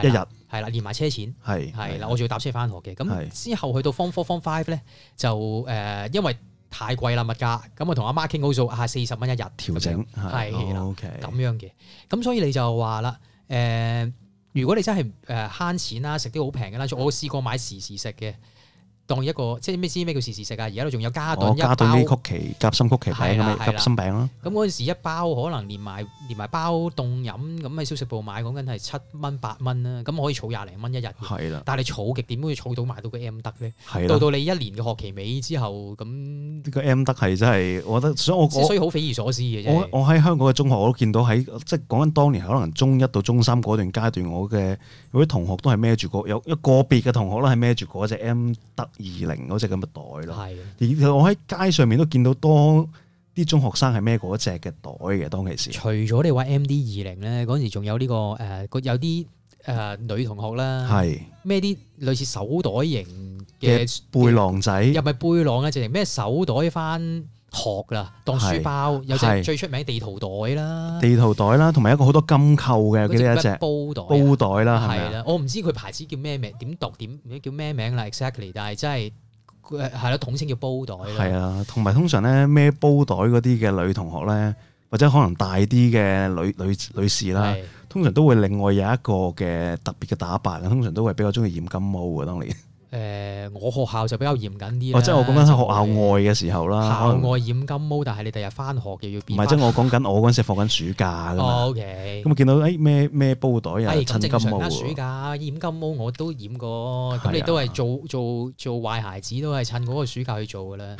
係一日天，係啦，連埋車錢，係，係啦，我仲要搭車翻學嘅。咁是之後去到 form four、form five 咧，就誒、呃，因為太貴啦物價，咁啊同阿媽傾好數，啊四十蚊一日調整，係啦，咁了、哦 okay、樣嘅。咁所以你就話啦，誒、呃，如果你真係誒慳錢啦，食啲好平嘅啦，我試過買時時食嘅。當一個即係咩先咩叫時時食啊？而家都仲有加頓，一包加頓曲奇、夾心曲奇餅、夾心餅啦。咁嗰陣時一包可能連埋連埋包凍飲，咁喺小食部買元元，講緊係七蚊八蚊啦。咁可以儲廿零蚊一日。的但係你儲極點，都要儲到買到個 M 得呢？到的到你一年嘅學期尾之後，咁呢個 M 得係真係，我覺得所以我所以好匪夷所思嘅。我我喺香港嘅中學，我都見到喺即係講緊當年可能中一到中三嗰段階段，我嘅有啲同學都係孭住個有一個別嘅同學都係孭住嗰隻 M 得。二零嗰隻咁嘅袋咯，而的我喺街上面都見到多啲中學生係孭嗰隻嘅袋嘅，當其時。除咗你話 M D 二零咧，嗰陣時仲有呢個誒，有啲誒、呃呃、女同學啦，孭啲是的 類似手袋型嘅背囊仔，係咪背囊咧？直情咩手袋翻？學啦，當書包是有隻最出名地圖袋啦，是地圖袋啦，同埋一個好多金扣嘅，有幾多隻煲袋煲袋啦，係啦袋，是是我唔知佢牌子叫咩名，點讀點叫咩名啦？Exactly，但係真係係咯，統稱叫煲袋啦。係啊，同埋通常咧孭煲袋嗰啲嘅女同學咧，或者可能大啲嘅女女女士啦，的通常都會另外有一個嘅特別嘅打扮，通常都會比較中意染金毛嘅，當年。誒，我學校就比較嚴謹啲，即係我講緊喺學校外嘅時候啦。校外染金毛，但係你第日翻學又要變。唔係，即係我講緊我嗰陣時放緊暑假，咁我見到咩咩煲袋啊，趁金毛。咁正常啦，暑假染金毛我都染過。咁你都係做做做壞孩子，都係趁嗰個暑假去做㗎啦。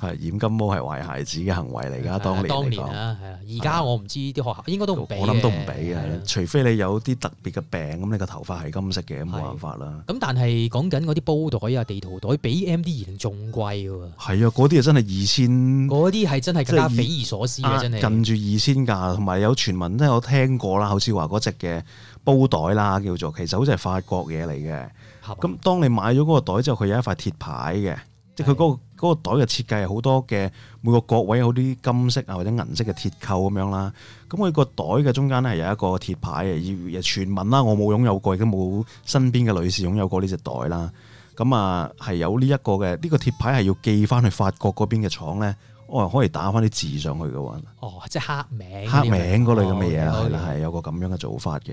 係染金毛係壞孩子嘅行為嚟㗎，當年。當年啦，而家我唔知啲學校應該都唔俾。我諗都唔俾嘅，除非你有啲特別嘅病，咁你個頭髮係金色嘅，冇辦法啦。咁但係講緊啲煲袋啊，地圖袋比 M D 二零仲貴喎。係啊，嗰啲啊真係二千，嗰啲係真係更加匪夷所思啊！真係近住二千價，同埋有傳聞咧，我聽過啦，好似話嗰隻嘅煲袋啦，叫做其實好似係法國嘢嚟嘅。咁吧當你買咗嗰個袋之後，佢有一塊鐵牌嘅，即係佢嗰個。嗰個袋嘅設計好多嘅，每個角位有啲金色啊或者銀色嘅鐵扣咁樣啦。咁、那、佢個袋嘅中間係有一個鐵牌，而誒傳聞啦，我冇擁有過，亦都冇身邊嘅女士擁有過呢隻袋啦。咁啊係有呢一個嘅，呢、這個鐵牌係要寄翻去法國嗰邊嘅廠咧，我係可以打翻啲字上去嘅喎。哦，即係刻名，刻名嗰類咁嘅嘢係啦，係、哦、有個咁樣嘅做法嘅。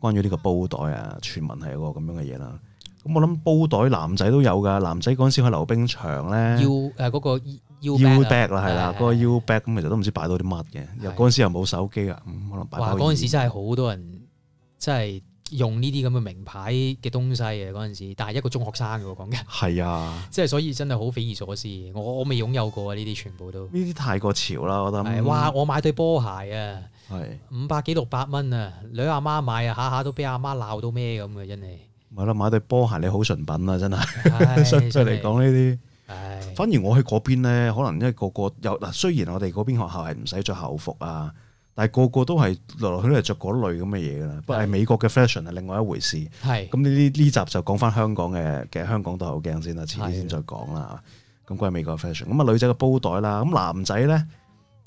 關於呢個煲袋啊，傳聞係有個咁樣嘅嘢啦。咁我諗煲袋男仔都有噶，男仔嗰陣時去溜冰場咧，腰嗰、嗰個腰包啦係啦，U、bag, 的個腰包咁其實都唔知擺到啲乜嘅。的又嗰陣時又冇手機啊、嗯，可能擺翻啲哇！嗰陣時真係好多人，真係用呢啲咁嘅名牌嘅東西嘅嗰陣時，但係一個中學生喎講嘅，係啊，的即係所以真係好匪夷所思。我我未擁有過呢啲全部都。呢啲太過潮啦，我覺得。哇！我買對波鞋啊，係的五百幾六百蚊啊，兩阿媽買啊，下下都俾阿媽鬧到咩咁嘅，真係。咪咯，買對波鞋你好純品啊，真係，實際嚟講呢啲， 的反而我去嗰邊咧，可能因為個個有嗱，雖然我哋嗰邊學校係唔使着校服啊，但係個個都係來來去去着嗰類咁嘅嘢啦。不過係美國嘅 fashion 係另外一回事，係咁呢啲呢集就講翻香港嘅嘅香港倒後鏡先啦，遲啲先再講啦。咁關於美國 fashion，咁啊女仔嘅煲袋啦，咁男仔咧，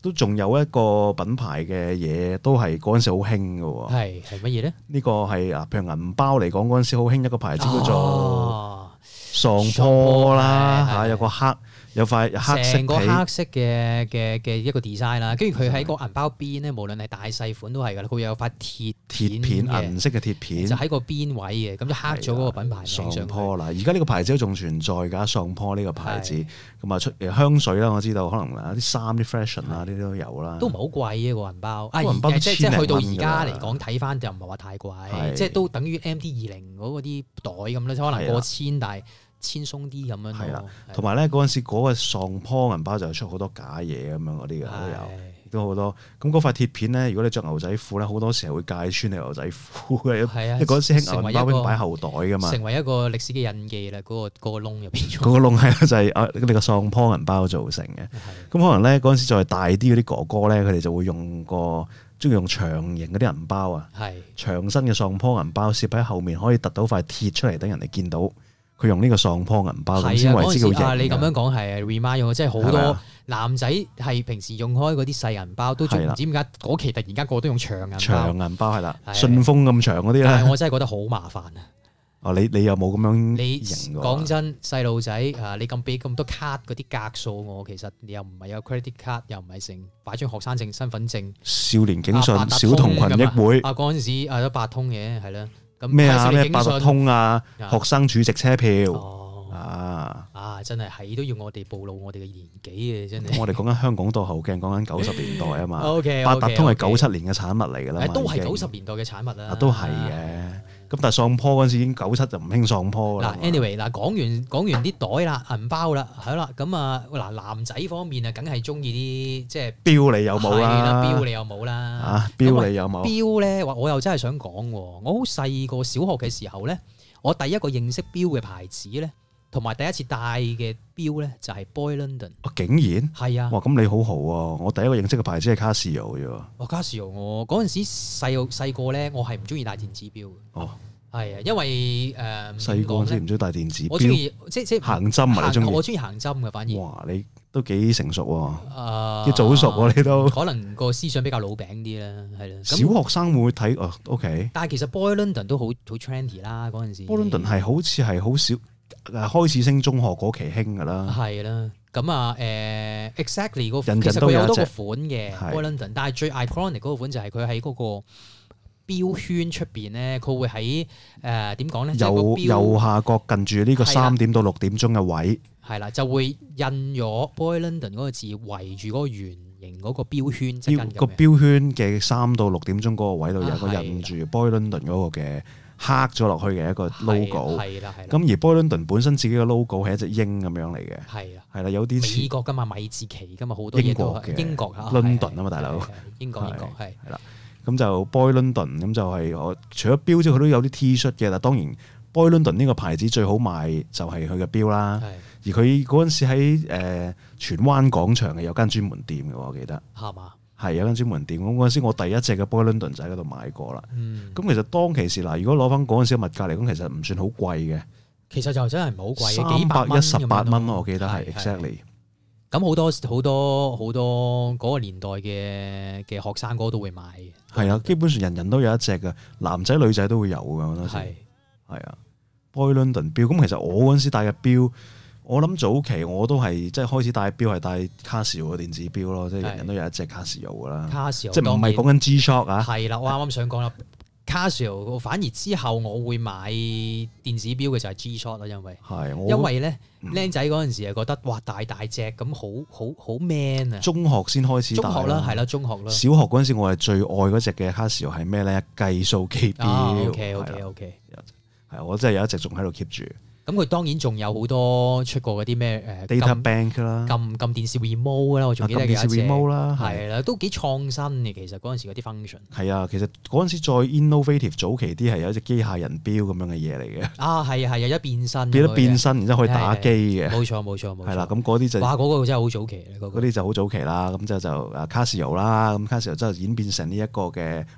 都仲有一個品牌嘅嘢，都係嗰陣時好興嘅。係係乜嘢咧？呢個係啊，譬如銀包嚟講，嗰陣時好興一個牌子叫做上坡啦嚇，有個黑。有塊黑，成個黑色嘅嘅嘅一個 design 啦，跟住佢喺個銀包邊咧，無論係大細款都係噶啦，佢有塊鐵鐵片銀色嘅鐵片，鐵片就喺個邊位嘅，咁就刻咗嗰個品牌。上坡啦，而家呢個牌子都仲存在噶，上坡呢去個牌子，同埋出香水啦，我知道可能啲衫啲 fashion 啊，呢啲都有啦。都唔係好貴嘅個銀包，銀包都千零蚊嘅、啊、即係去到而家嚟講，睇翻就唔係話太貴，的的即係都等於 MD20 嗰啲袋咁可能過千，但係。輕鬆啲咁樣，係啦。同埋咧，嗰陣、啊、時嗰個喪拋銀包就出好多假嘢咁樣嗰啲嘅都有，都好多。咁嗰塊鐵片咧，如果你着牛仔褲咧，好多時候會界穿你牛仔褲嘅。係啊，嗰陣、啊、時銀包會擺後袋噶嘛，成為一個歷史嘅印記啦。嗰、那個嗰、那個窿入邊，嗰 個窿係就係、是啊、你個喪拋銀包造成嘅。咁、啊嗯、可能咧，嗰陣時再大啲嗰啲哥哥咧，佢哋就會用個中意用長形嗰啲銀包啊，係、啊啊、長身嘅喪拋銀包，攝喺後面可以凸到塊鐵出嚟，等人哋見到。佢用呢個上坡銀包咁先為之叫型。啊啊啊、我話你咁樣講係 remind 用，即係好多吧男仔係平時用開嗰啲細銀包，啊、都仲唔知點解嗰期突然間個個都用長銀包。長銀包係啦，信封咁長嗰啲咧。我真係覺得好麻煩啊！哦，你有有你又冇咁樣？你講真，細路仔你咁俾咁多卡嗰啲格數我，其實你又唔係有 credit card，又唔係成擺張學生證、身份證。少年警訊、啊、小童群益會啊，嗰陣時啊都八通嘅，係啦、啊。咩啊咩八達通啊，學生儲值車票啊啊，啊，啊，真係喺都要我哋暴露我哋嘅年紀嘅真係。我哋講緊香港倒後鏡，講緊九十年代啊嘛。 okay, okay, okay, 八達通係九七年嘅產物嚟㗎啦。都係九十年代嘅產物啦，啊。啊，都係嘅。啊 okay. 咁但係上坡嗰陣時，已經九七就唔興上坡啦。嗱，anyway，嗱，講完講完啲袋啦，銀包啦，係啦，咁啊，嗱，男仔方面啊，梗係中意啲即係表你有冇啦？表你有冇啦？啊，表你有冇？表咧，我我又真係想講，我好細個小學嘅時候咧，我第一個認識表嘅牌子咧，同埋第一次戴嘅。表咧就係 Boy London，、啊、竟然係啊！哇，咁你好好啊！我第一個認識嘅牌子係 Casio 啫。哇，Casio，我嗰陣時細幼細個咧，我係唔中意戴電子表嘅。哦，係啊，因為誒細個先唔中意戴電子錶，我中意即即行針咪中意。我中意行針嘅，反而哇，你都幾成熟喎、啊，要、呃、早熟喎、啊，你都可能個思想比較老餅啲啦，係啦、啊。小學生會睇哦、嗯、，OK。但係其實 Boy London 都好好 trendy 啦，嗰陣時。Boy London 係好似係好少。開始升中學嗰期興噶啦，係啦，咁啊，誒，exactly 個其實都有多個款嘅 Boy London，但係最 iconic 嗰個款就係佢喺嗰個標圈出邊咧，佢會喺誒點講咧？右右下角近住呢個三點到六點鐘嘅位，係啦，就會印咗 Boy London 嗰個字，圍住嗰個圓形嗰個標圈，個標圈嘅三到六點鐘嗰個位度有一個印住 Boy London 嗰個嘅。黑咗落去嘅一個 logo，係啦係啦。咁而 Boy London 本身自己嘅 logo 係一隻鷹咁樣嚟嘅，係啊，係啦，有啲英國噶嘛，米字旗噶嘛，好多嘢都係英國嚇，London 啊嘛，大佬，英國英國係。係啦，咁就 Boy London 咁就係我除咗標之外，佢都有啲 T-shirt 嘅。但當然 Boy London 呢個牌子最好賣就係佢嘅標啦。係。而佢嗰陣時喺誒荃灣廣場係有間專門店嘅，我記得。嚇嘛！係有間專門店，咁嗰陣時我第一隻嘅 Boy London 仔嗰度買過啦。咁、嗯、其實當其時嗱，如果攞翻嗰陣時嘅物價嚟講，其實唔算好貴嘅。其實就真係唔好貴嘅，幾百,三百一十八蚊咯，我記得係。Exactly。咁好多好多好多嗰個年代嘅嘅學生哥都會買嘅。係啊，基本上人人都有一隻嘅，男仔女仔都會有噶。係係啊，Boy London 錶，咁其實我嗰陣時戴嘅錶。我諗早期我都係即係開始戴表係戴 Casio 嘅電子表咯，即係人人都有一隻 Casio 噶啦。Casio 即係唔係講緊 G-Shock 啊？係啦，我啱啱想講啦，Casio 反而之後我會買電子表嘅就係 G-Shock 啦，op, 因為係因為咧，僆仔嗰陣時係覺得哇大大隻咁好好好，好 man 啊！中學先開始中學啦，係啦，中學啦。小學嗰陣時我係最愛嗰隻嘅 Casio 係咩咧？計數機表。OK OK OK，係我真係有一隻仲喺度 keep 住。咁佢當然仲有好多出過嗰啲咩誒 data bank 啦、咁咁電視 remote 啦，我仲記得嘅。啊、電視 remote 啦了，係啦，都幾創新嘅。其實嗰陣時嗰啲 function 係啊，其實嗰陣時再 innovative 早期啲係有一隻機械人表咁樣嘅嘢嚟嘅。啊，係啊，係有一變身，變得變身，的然之後可以打機嘅。冇錯，冇錯，係啦。咁嗰啲就哇，嗰、那個真係好早期嗰啲、那個、就好早期啦。咁之後就誒卡士 o 啦，咁卡士 o 之後演變成呢一個嘅。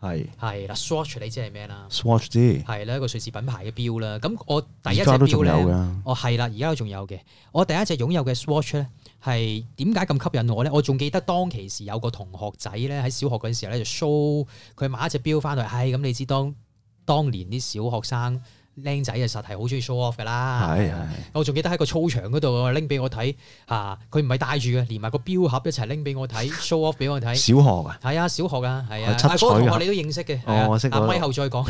係係啦，Swatch 你知係咩啦？Swatch 知，係咧 atch 一個瑞士品牌嘅表啦。咁我第一隻表咧，有哦係啦，而家都仲有嘅。我第一隻擁有嘅 Swatch 咧，係點解咁吸引我咧？我仲記得當其時有個同學仔咧，喺小學嗰陣時候咧就 show 佢買一隻表翻嚟，唉、哎，咁你知當當年啲小學生。僆仔啊，實係好中意 show off 嘅啦。我仲記得喺個操場嗰度拎俾我睇吓，佢唔係戴住嘅，連埋個錶盒一齊拎俾我睇，show off 俾我睇、啊。小學啊，係七彩 啊，小學啊，係啊，七彩嘅。嗰個同學你都認識嘅、哦，我認識我。阿威、啊、後再講，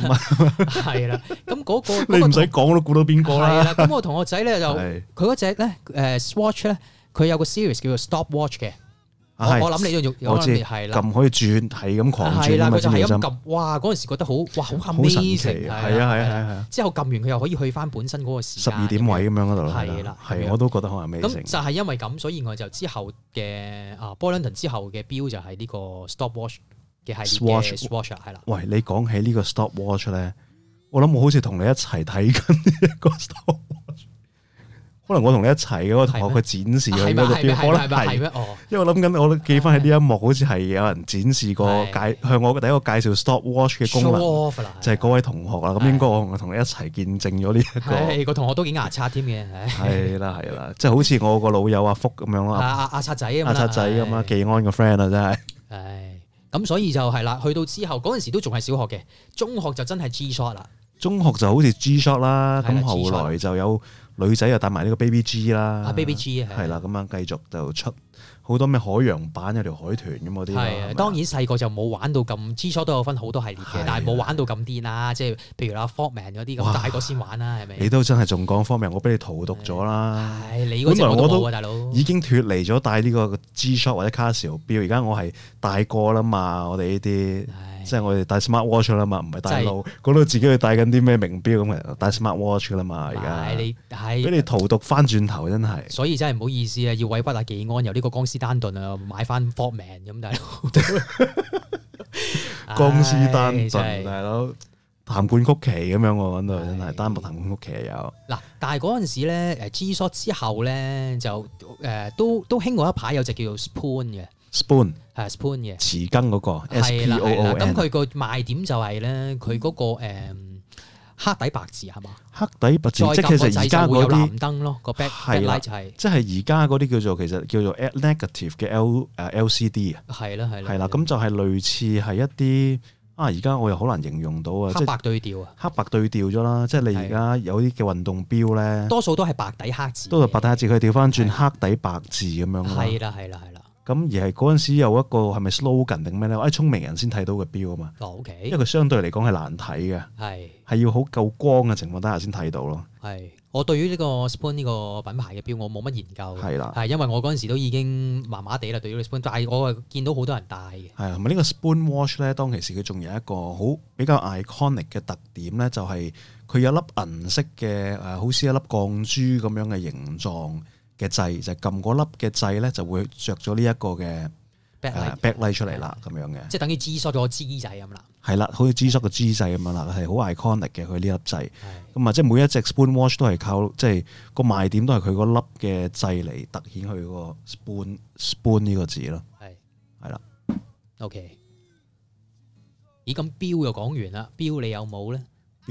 係啦。 咁、那、嗰個、那個、你唔使講都估到邊個啦。咁我、那個、同學仔咧就佢嗰隻咧誒 Swatch 咧，佢的、呃、有個 series 叫做 Stop Watch 嘅。我我諗你用用撳可以轉，係咁狂轉佢就係咁撳。哇！嗰陣時覺得好哇，好 amazing 係啊係啊係啊！之後撳完佢又可以去翻本身嗰個時間。十二點位咁樣嗰度。係啦，係我都覺得可能未 amazing 咁就係因為咁，所以我就之後嘅啊，Boy London 之後嘅錶就係呢個 stopwatch 嘅系列。Watch，watch，係啦。喂，你講起呢個 stopwatch 咧，我諗我好似同你一齊睇緊一個 stop。可能我同你一齊嗰、那個同學佢展示嗰個表殼啦，係咩嗎？是是因為我諗緊，我都記翻喺呢一幕，好似係有人展示個介的向我第一個介紹 stopwatch 嘅功能，Show off，就係嗰位同學啦。咁的應該我同你一齊見證咗呢一個。係、那個同學都幾牙刷添嘅，係啦係啦，即係好似我個老友阿福咁樣啦， 阿阿阿刷仔咁啦，阿刷、啊啊、仔咁啦，技、啊啊、安個 friend 啊，真係。咁所以就係啦，去到之後嗰陣時都仲係小學嘅，中學就真係 G-Shot 啦。Shot 中學就好似 G-Shot 啦，咁後來就有。女仔又戴埋呢個 Baby G 啦、啊、，Baby G 係啦、啊，咁樣繼續就出好多咩海洋版有條海豚咁嗰啲，係、啊啊、當然細個就冇玩到咁 G-Shock 都有分好多系列嘅，啊、但係冇玩到咁癲啦，即係譬如啦 Frogman 嗰啲咁，哇大個先玩啦，係咪、啊？你都真係仲講 Frogman，我俾你荼毒咗啦，啊、你嗰隻好老大佬，已經脫離咗戴呢個 G-Shock 或者卡西歐表，而家我係大個啦嘛，我哋呢啲。即係我哋戴 smart watch 啦嘛，唔係大佬。講、就是、到自己去戴緊啲咩名表咁嘅，戴、就是、smart watch 噶啦嘛，而家俾你荼毒翻轉頭，真係，所以真係唔好意思啊，要委屈下技安，由呢個江斯丹頓啊買翻 Fortman 咁，大 佬 江斯丹頓，哎就是、大佬譚冠曲奇咁樣我搵到，真係，是丹麥譚冠曲奇有嗱，但係嗰陣時咧，誒 G-Shock 之後咧就誒、呃、都都興過一排，有隻叫做 Spoon 嘅。Spoon 係 spoon 嘅匙羹嗰個，係啦，係啦。咁佢個賣點就係咧，佢嗰個誒黑底白字係嘛？黑底白字，即係其實而家會有藍燈咯，個 back light 即係而家嗰啲叫做其實叫做 negative 嘅 L LCD 啊，係啦，係啦，係啦。咁就係類似係一啲啊，而家我又好難形容到啊，即係黑白對調啊，黑白對調咗啦。即係你而家有啲嘅運動錶咧，多數都係白底黑字，都係白底黑字，佢調翻轉黑底白字咁樣，係啦，係啦，係啦。咁而係嗰陣時有一個係咪 slogan 定咩咧？哎，聰明人先睇到嘅表啊嘛。OK。因為佢相對嚟講係難睇嘅，係係是要好夠光嘅情況底下先睇到咯。係，我對於呢個 Spoon 呢個品牌嘅表我冇乜研究。係啦的，係因為我嗰陣時都已經麻麻地啦，對於 Spoon，但係我係見到好多人戴嘅。係啊，同埋呢個 Spoon Watch 咧，當其時佢仲有一個好比較 iconic 嘅特點咧，就係、是、佢有粒銀色嘅誒，好似一粒鋼珠咁樣嘅形狀。嘅掣就撳嗰粒嘅掣咧，就會着咗呢一個嘅 back light 出嚟啦，咁樣嘅，即係等於 G-Shock 咗個 G 仔咁啦，係啦，好似 G-Shock 個 G 仔咁樣啦，係好 iconic 嘅佢呢粒掣，咁啊，即係每一隻 spoon watch 都係靠即係個賣點都係佢嗰粒嘅掣嚟突顯佢個 sp spoon spoon 呢個字咯，係係啦，ok，咦，咁錶又講完啦，錶你有冇咧？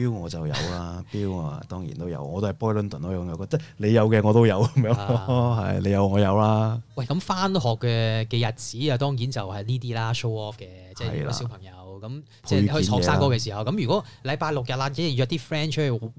表我就有啦，表啊 當然都有，我都係 Boy London，即係你有嘅我都有咁樣咯，你有我有啦。喂，咁翻學嘅嘅日子啊，當然就係呢啲啦，show off 嘅，的即係小朋友咁，配件 即係去學生哥嘅時候，咁話如果禮拜六日啦，直接約啲 friend 出去。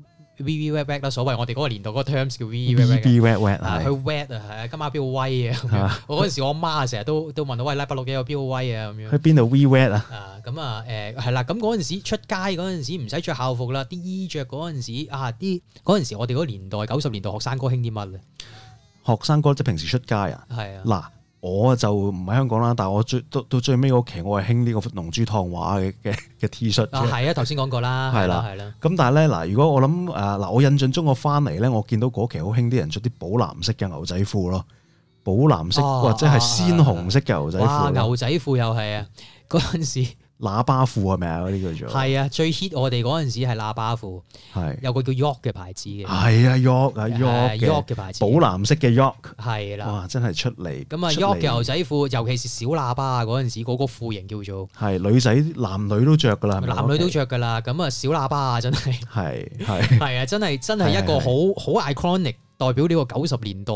V V wet wet 啦，road，所謂我哋嗰個年代嗰個 terms 叫 V V wet wet 啊，佢 wet 啊，係啊，今晚表威啊， 我嗰陣時我媽啊成日都都問到：喂「喂禮拜六幾有表威啊咁樣。去邊度 V wet 啊？啊咁啊誒係啦，咁嗰陣時出街嗰陣、啊、時唔使着校服啦，啲衣着嗰陣時啊啲嗰陣時我哋嗰年代九十年代學生哥興啲乜咧？學生哥即係平時出街啊？係啊嗱。我就唔喺香港啦，但係我最到到最尾嗰期我，我係興呢個龍珠燙畫嘅嘅 T 恤。啊，係啊，頭先講過啦，係啦，係啦。咁但係咧嗱，如果我諗誒嗱，我印象中我翻嚟咧，我見到嗰期好興啲人着啲寶藍色嘅牛仔褲咯，寶藍色、哦哦、或者係鮮紅色嘅牛仔褲，哦，牛仔褲又係啊，嗰陣 時。喇叭褲係咪啊？嗰啲叫做係啊，最 hit 我哋嗰陣時係喇叭褲，係有個叫 York 嘅牌子嘅，係啊，York York 嘅牌子，寶藍色嘅 York 係啦，哇，真係出嚟咁啊！York 嘅牛仔褲，尤其是小喇叭啊嗰陣時，嗰個褲型叫做係女仔、男女都着㗎啦，男女都着㗎啦。咁啊，小喇叭啊，真係係係係啊，真係真係一個好好 iconic，代表呢個九十年代。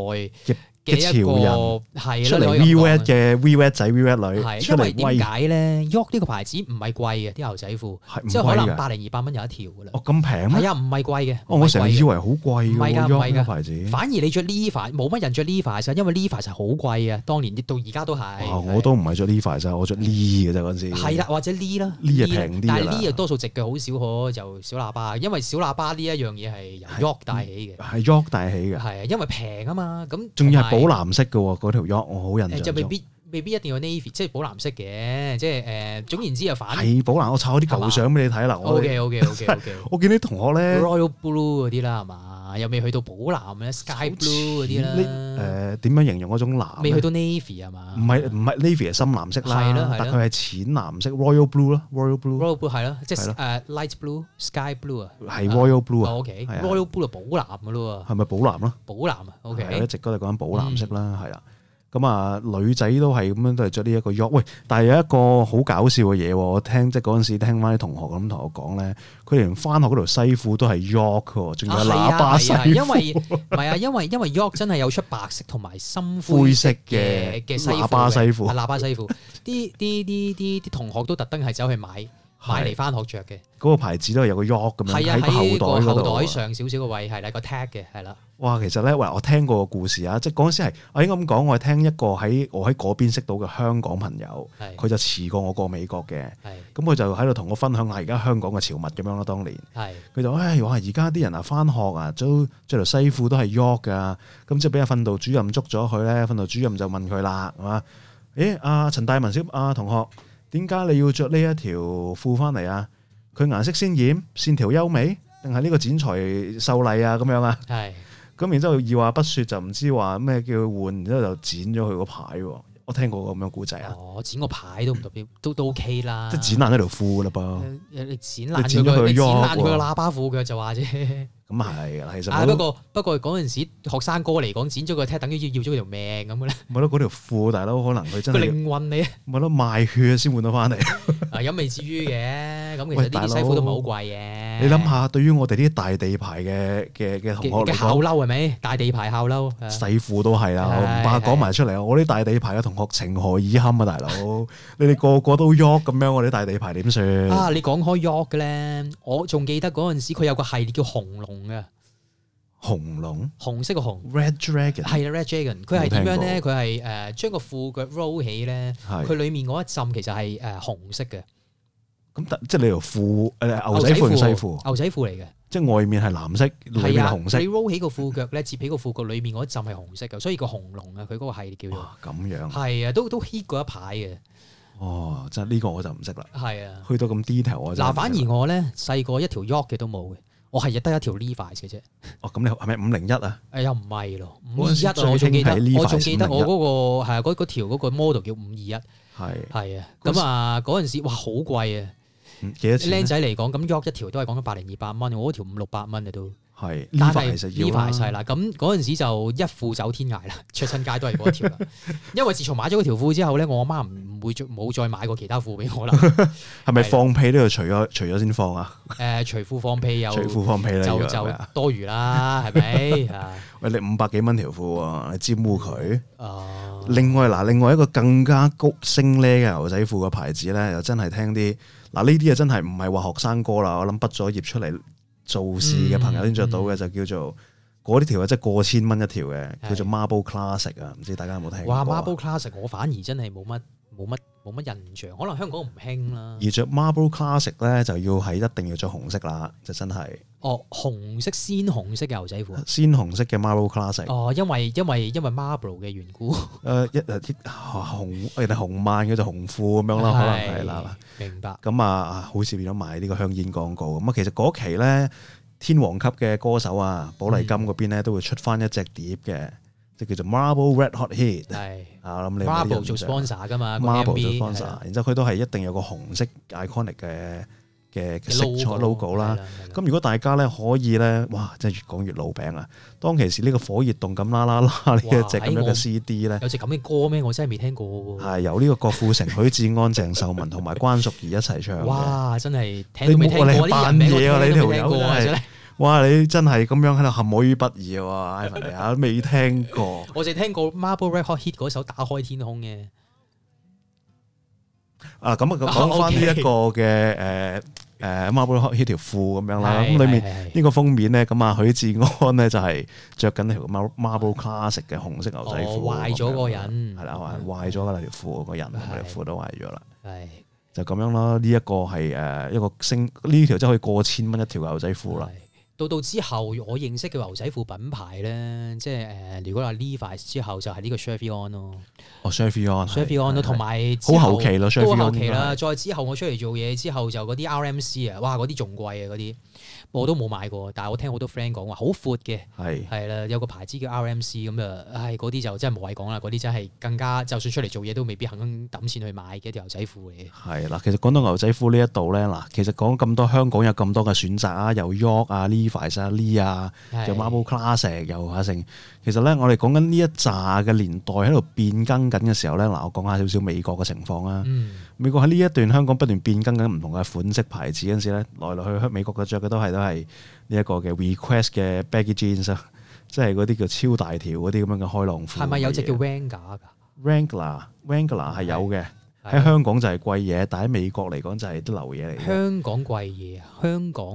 嘅潮人係出嚟 vivat 嘅 vivat 仔 vivat 女，出嚟點解咧？York 呢個牌子唔係貴嘅啲牛仔褲，即係可能百零二百蚊有一條噶啦。哦，咁平啊！係啊，唔係貴嘅。我成日以為好貴㗎。York 呢個牌子，反而你着 leather 冇乜人着 leather 因為 leather 好貴啊。當年到而家都係。我都唔係着 leather，我着 le 嘅啫，嗰陣時。係啦，或者 le 啦，le 又平啲。但係 le 又多數直腳好少可，就小喇叭，因為小喇叭呢一樣嘢係 York 帶起嘅。係 York 帶起嘅。係啊，因為平啊嘛，咁仲要。好藍色嘅喎，嗰、嗯、條 York 我好印象中。嗯未必一定要 navy，即係寶藍色嘅，即係誒，總言之又反係寶藍。我抄啲舊相俾你睇啦。O K O K O K O K。我見啲同學咧，royal blue 啲啦，係嘛，又未去到寶藍咧，sky blue 啲啦。誒，點樣形容嗰種藍？未去到 navy 係嘛？唔係唔係 navy 係深藍色，但係佢係淺藍色，royal blue 咯，royal blue。royal blue 係咯，即係 light blue，sky blue 啊，係 royal blue 啊，royal blue 就寶藍噶咯。係咪寶藍咯？寶藍啊，O K。一直都係講寶藍色啦，係啦。咁啊，女仔都係咁樣，都係着呢一個喐。喂，但係有一個好搞笑嘅嘢，我聽即係嗰陣時聽翻啲同學咁同我講咧，佢連返學嗰條西褲都係喐，仲有喇叭西褲。係啊，係啊，因為唔係啊，因為因為喐真係有出白色同埋深灰色嘅嘅喇叭西褲，喇叭西褲。啲啲啲啲啲同學都特登係走去買。買嚟翻學着嘅，嗰個牌子都係有個 lock 咁樣喺個後袋後袋上少少個位係啦，個 tag 嘅，係啦。哇，其實咧，喂，我聽過個故事啊，即係嗰陣時係，我應該咁講，我聽一個喺我喺嗰邊識到嘅香港朋友，佢就遲過我過美國嘅，咁佢是就喺度同我分享下而家香港嘅潮物咁樣啦，當年是，佢就誒，話而家啲人啊，翻學啊，都著條西褲都係 lock 噶，咁即係俾阿訓導主任捉咗佢咧，訓導主任就問佢啦，係嘛？誒，阿陳大文小阿同學。點解你要着呢一條褲翻嚟啊？佢顏色鮮艷，線條優美，定係呢個剪裁秀麗啊？咁樣啊？係。咁然之後二話不說就唔知話咩叫佢換，然之後就剪咗佢個牌。我聽過咁樣古仔啊。哦，剪個牌都唔特別，都都 OK 啦。即係剪爛呢條褲嘞噃。誒、呃，你剪爛，剪咗佢，剪爛佢個喇叭褲，佢就話啫。咁係啦，其實、啊啊、不過不過嗰陣時學生哥嚟講剪咗個踢，等於要要咗佢條命咁嘅咧。咪咯，嗰條褲大佬可能佢真係靈魂嚟啊！咪咯，賣血先換到翻嚟啊！未至於嘅，咁其實啲西褲都唔係好貴嘅。你諗下，對於我哋啲大地牌嘅嘅嘅同學嚟講，校褸係咪大地牌校褸，西褲都係啊。唔怕講埋出嚟啊！我啲的大地牌嘅同學情何以堪啊，大佬！ 你哋個個都 York，咁樣，我啲大地牌點算啊？你講開 York 嘅咧，我仲記得嗰陣時佢有個系列叫紅龍紅嘅紅龍，紅色嘅紅，Red Dragon 係啦，Red Dragon 佢係點樣咧？佢係誒將個褲腳 roll 起咧，佢裏面嗰一浸其實係誒紅色嘅。咁即係你條褲誒牛仔褲西褲，牛仔褲嚟嘅，即係外面係藍色，裏面係紅色。你 roll 起個褲腳咧，折起個褲腳裏面嗰一浸係紅色嘅，所以個紅龍啊，佢嗰個系列叫做，咁樣，係啊，都都 hit 過一排嘅。哦，即係呢個我就唔識啦。係啊，去到咁 detail，嗱，反而我咧細個一條 York 嘅都冇嘅。我係得一條 Levi 嘅啫，哦，咁你係咪五零一啊？誒，又唔係咯，五二一啊，我仲記得，我仲記得我嗰個係啊，嗰嗰條嗰個 model 叫五二一，係係啊，咁啊嗰陣時哇好貴啊，幾多錢？僆仔嚟講，咁約一條都係講緊百零二百蚊，我嗰條五六百蚊啊都。係，呢排係啦，咁嗰陣時就一褲走天涯啦，出親街都係嗰條。 因為自從買咗嗰條褲之後咧，我阿媽唔會再冇再買過其他褲俾我啦。係咪 放屁都要除咗除咗先放啊？誒， 除褲放屁又除褲放屁啦， 就就多餘啦，係咪？ 喂，你五百幾蚊條褲，你占污佢？哦、嗯。另外嗱，另外一個更加谷升咧嘅牛仔褲嘅牌子咧，又真係聽啲嗱呢啲啊，真係唔係話學生哥啦，我諗畢咗業出嚟。做事嘅朋友先着到嘅就叫做嗰啲條啊，即係、嗯就是、過千蚊一條嘅，是叫做 Marble Classic 啊，唔知大家有冇聽過？哇！Marble Classic 我反而真係冇乜冇乜。冇乜印象，可能香港唔興啦。而着 Marble Classic 咧，就要係一定要着紅色啦，就真係。哦，紅色鮮紅色嘅牛仔褲。鮮紅色嘅 Marble Classic。哦，因為因為因為 Marble 嘅緣故。誒、 呃、一誒啲紅，人哋紅慢嗰隻紅褲咁樣啦， 可能係啦。是了明白。咁啊，好似變咗賣呢個香煙廣告。咁啊，其實嗰期咧，天王級嘅歌手啊，寶麗金嗰邊咧，都會出翻一隻碟嘅。嗯即係叫做 Marble Red Hot Heat，係啊，我諗你係做 sponsor 噶嘛，Marble 做 sponsor，然之後佢都係一定有個紅色 iconic 嘅嘅色彩 logo 啦。咁如果大家咧可以咧，哇，真係越講越老餅啊！當其時呢個火熱動感啦啦啦呢一隻咁樣嘅 CD 咧，有隻咁嘅歌咩？我真係未聽過喎。係由呢個郭富城、許志安、鄭秀文同埋關淑怡一齊唱嘅。哇！真係你未聽過呢啲嘢啊？你條友係～哇！你真係咁樣喺度陷我於不義喎，Ivan 啊，未聽過。我淨係聽過 Marble Red Hot Hit 嗰首打開天空嘅。啊，咁啊，講翻呢一個嘅，誒誒，Marble Hot Hit 條褲咁樣啦。咁裏面呢個封面咧，咁啊許志安咧就係着緊條 Mar Marble Classic 嘅紅色牛仔褲。壞咗個人係啦，壞壞咗啦條褲，個人條褲都壞咗啦。係就咁樣啦。呢一個係誒一個星呢條真係可以過千蚊一條牛仔褲啦。到到之後，我認識嘅牛仔褲品牌咧，即係誒、呃，如果話 Levi's 之後就係呢個 Sherfyon 咯，哦 Sherfyon，Sherfyon 咯，同埋好後期咯，Sherfyon 啦，再之後我出嚟做嘢之後，就嗰啲 RMC 啊，哇，嗰啲仲貴啊，嗰啲。我都冇買過，但係我聽好多 friend 講話好闊嘅，係係啦，有個牌子叫 RMC 咁啊，係嗰啲就真係冇謂講啦，嗰啲真係更加，就算出嚟做嘢都未必肯揼錢去買嘅一條牛仔褲嚟。係啦，其實講到牛仔褲呢一度咧，嗱，其實講咁多香港有咁多嘅選擇 York，啊，有 York 啊，Levi's 啊，Lee，啊的有 Marlboro Classics，又啊成。其實咧我哋講緊呢一紮嘅年代喺度變更緊嘅時候咧，嗱，我講下少少美國嘅情況啊。嗯美國喺呢一段香港不斷變更緊唔同嘅款式牌子嗰陣時咧，來來去去美國嘅着嘅都係都係呢一個嘅 request 嘅 baggy jeans，即係嗰啲叫超大條嗰啲咁樣嘅開浪褲。係咪有隻叫 Wrangler 噶？Wrangler，Wrangler 係有嘅。喺香港就係貴嘢，但喺美國嚟講就係啲流嘢嚟。香港貴嘢啊！香港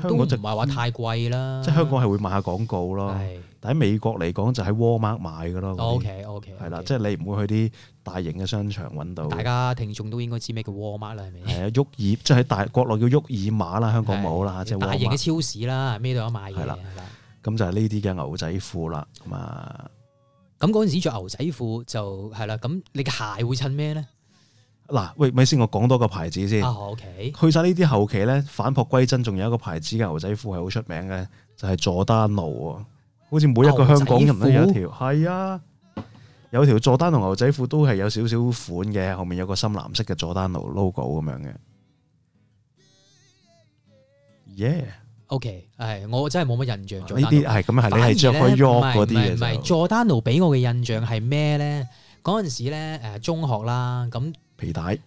香港就唔係話太貴啦。即係香港係會買下廣告咯。但喺美國嚟講就喺沃馬買噶咯。OK OK，係啦，即係你唔會去啲大型嘅商場揾到。大家聽眾都應該知咩叫沃馬啦，係咪？誒，沃爾即係喺大國內叫沃爾瑪啦，香港冇啦。即係大型嘅超市啦，咩都有得賣嘢。係啦，咁就係呢啲嘅牛仔褲啦。咁啊，咁嗰陣時著牛仔褲就係啦，咁你嘅鞋會襯咩咧？嗱，喂、嗯，咪先，我講多個牌子先。OK，去晒呢啲後期咧，反璞歸真，仲有一個牌子嘅牛仔褲係好出名嘅，就係佐丹奴啊。好似每一個香港人都有一條，係啊，有條佐丹奴牛仔褲都係有少少款嘅，後面有個深藍色嘅佐丹奴 logo 咁樣嘅。Yeah。OK，係、哎，我真係冇乜印象呢。呢啲係咁啊，係你係着開嗰啲嘅？唔係佐丹奴俾我嘅印象係咩咧？嗰陣時咧，誒，中學啦，咁、嗯。嗯皮帶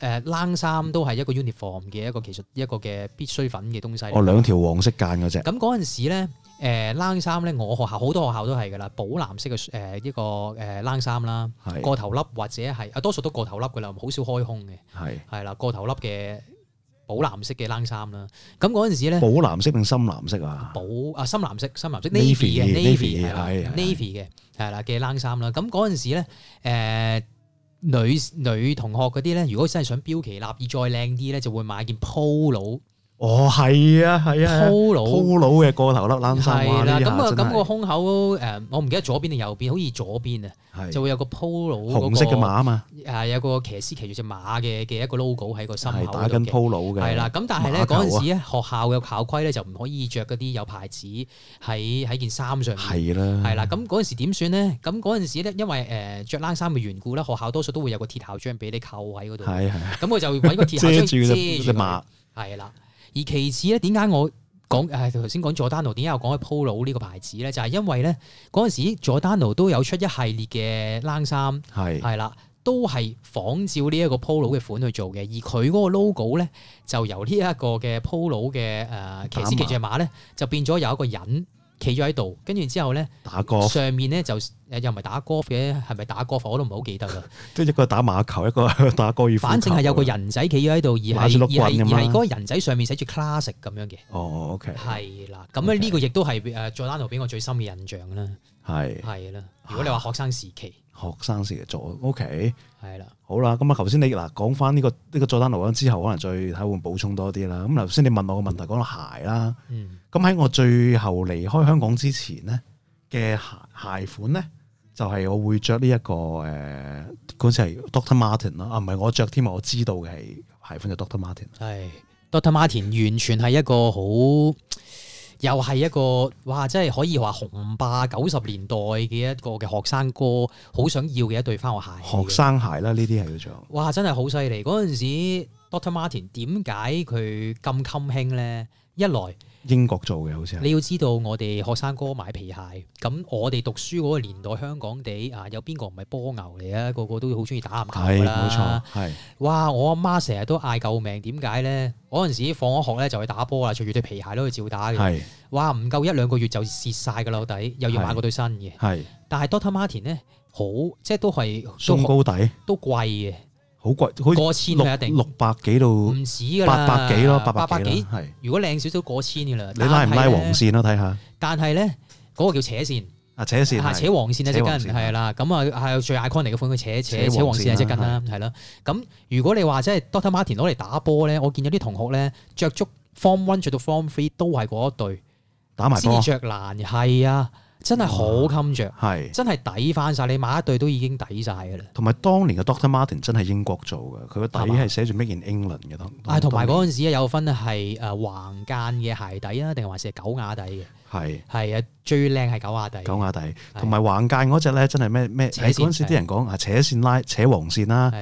誒，冷衫都係一個 uniform 嘅，一個其實一個嘅必須粉嘅東西。哦，兩條黃色間嗰隻。咁嗰陣時咧，誒，冷衫咧，我學校好多學校都係噶啦，寶藍色嘅，誒，一個誒冷衫啦，過頭粒或者係啊，多數都過頭粒噶啦，好少開胸嘅。係係啦，過頭粒嘅寶藍色嘅冷衫啦。咁嗰陣時咧，寶藍色定深藍色啊？寶啊，深藍色，深藍色 navy 嘅 navy，係 navy 嘅，係啦嘅冷衫啦。咁嗰陣時咧，誒。女女同學嗰啲咧，如果真係想標奇立異再靚啲咧，就會買件 Polo。哦，係啊，係啊，Polo Polo 嘅過頭笠冷衫啊，係啦，咁啊，咁嗰個胸口誒，我唔記得左邊定右邊，好似左邊啊，就會有個 Polo 紅色嘅馬啊嘛，係有個騎師騎住隻馬嘅嘅一個 logo 喺個心口嘅，打緊 Polo 嘅，係啦，咁但係咧嗰陣時咧學校嘅校規咧就唔可以着嗰啲有牌子喺喺件衫上面，係啦，係啦，咁嗰陣時點算咧？咁嗰陣時咧，因為誒著冷衫嘅緣故咧，學校多數都會有個鐵校章俾你扣喺嗰度，咁我就揾個鐵校章遮住隻馬，係啦。而其次咧，點解我講誒、頭先講佐丹奴，點、啊、解我講開 Polo 呢個牌子咧？就係、是、因為咧嗰陣時佐丹奴都有出一系列嘅冷衫，係係啦，都係仿照呢一個 Polo 嘅款去做嘅，而佢嗰個 logo 咧就由呢一個嘅 Polo 嘅誒、呃、騎士騎住馬咧，就變咗有一個人。企咗喺度，跟住之後咧，打歌球上面咧就又唔係打歌嘅，係咪打歌？火？我都唔好記得啦。即係 一個打馬球，一個打高爾夫。反正係有個人仔企咗喺度，而係而係而係嗰個人仔上面寫住 classic 咁樣嘅。哦，OK，係啦，咁樣呢個亦都係誒佐丹奴俾我最深嘅印象啦。係係啦，如果你話學生時期。啊學生時嘅座 OK 係啦的，好啦，咁啊頭先你嗱講翻呢個呢、呢個佐丹奴樣之後，可能再睇下會補充多啲啦。咁頭先你問我嘅問題講到、嗯、鞋啦，咁喺我最後離開香港之前咧嘅鞋鞋款咧，就係、係、我會着呢一個誒嗰陣時係 Dr. Martin 咯、啊，啊唔係我着添，我知道嘅係鞋款就 Dr. Martin。係 Dr. Martin 完全係一個好。又係一個哇！即係可以話紅霸九十年代嘅一個嘅學生哥，好想要嘅一對返學鞋。學生鞋啦，呢啲係要著。哇！真係好犀利，嗰陣時 Dr. Martin 點解佢咁襟興咧？一來英國做嘅好似係，你要知道我哋學生哥買皮鞋，咁我哋讀書嗰個年代香港地啊，有邊個唔係波牛嚟啊？個個都好中意打籃球啦，冇錯，係哇！我阿媽成日都嗌救命，點解咧？嗰陣時放咗學咧就去打波啦，著住對皮鞋都去照打嘅，係哇！唔夠一兩個月就蝕曬個老底，又要買個對新嘅，係。但係 Doctor Marten 咧，好即係都係，高底都貴嘅。好貴，多是過千咪一定六百幾到，唔止噶八百幾咯，八百幾。係如果靚少少，過千嘅啦。你拉唔拉黃線咯、啊？睇下看。但係咧，嗰、那個叫扯線，啊扯線係扯黃線啊，即根係啦。咁啊，係最 iconic 嘅款，佢扯扯扯黃線啊，即根啦，係咯。咁是如果你話即係 Doctor Marten 攞嚟打波咧，我見有啲同學咧着足 Form One 着到 Form Three 都係嗰對，打埋波。黐著難係啊！真係好襟着，係、啊、真係抵翻晒。你買一對都已經抵晒嘅啦。同埋當年嘅 Doctor Martin 真係英國做嘅，佢個底係寫住咩嘢 In England 嘅咯。啊，同埋嗰陣時有分係誒橫間嘅鞋底啊，定係還是係九瓦底嘅？係係啊，最靚係九瓦底。九瓦底同埋是橫間嗰隻咧，真係咩咩？誒嗰陣線、哎、時啲人講啊，是扯線拉扯黃線啦、啊。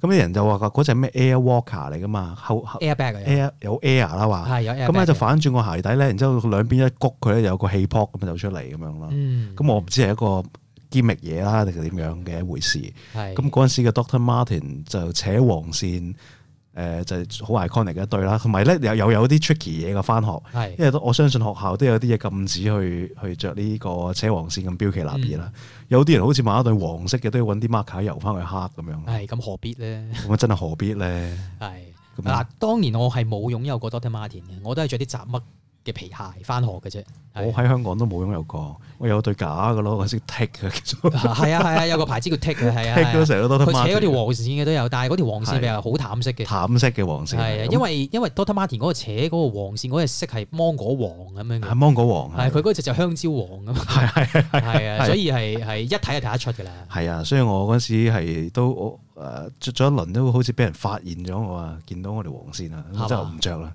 咁啲人就話個嗰隻咩 AirWalker 嚟噶嘛，後 Airbag Air Airbag air, 有 Air 啦話，係有 Air。咁咧就反轉個鞋底咧，然之後兩邊一谷，佢咧有個氣泡咁就出嚟咁樣咯。咁、嗯、我唔知係一個 gimmick 嘢啦定點樣嘅一回事。係咁嗰陣時嘅 Dr. Martin 就扯黃線。誒、呃、就係、是、好 iconic 嘅一對啦，同埋咧又又有啲 tricky 嘢嘅返學，是因為我相信學校都有啲嘢禁止去去著呢個車黃線咁標奇立異啦。嗯、有啲人好似買一對黃色嘅，都要揾啲 marker 油返去黑咁、嗯、樣。係咁、哎、何必咧？咁啊 真係何必咧？係嗱是樣、啊，當年我係冇擁有過 Dr. Martin 嘅，我都係着啲雜乜。嘅皮鞋翻學嘅啫，我喺香港都冇擁有過，我有對假嘅咯，我識踢嘅，係啊係啊，有個牌子叫 Take 嘅，係啊，扯嗰條黃線嘅都有，但係嗰條黃線比較好淡色嘅，淡色嘅黃線係啊，因為因為 Doctor Martin 嗰個扯嗰個黃線嗰隻色係芒果黃咁樣嘅，芒果黃，係佢嗰隻就香蕉黃咁，係係啊，所以係係一睇就睇得出嘅啦，係啊，所以我嗰陣時係都誒著咗一輪都好似俾人發現咗我啊，見到我條黃線啊，咁就唔着啦。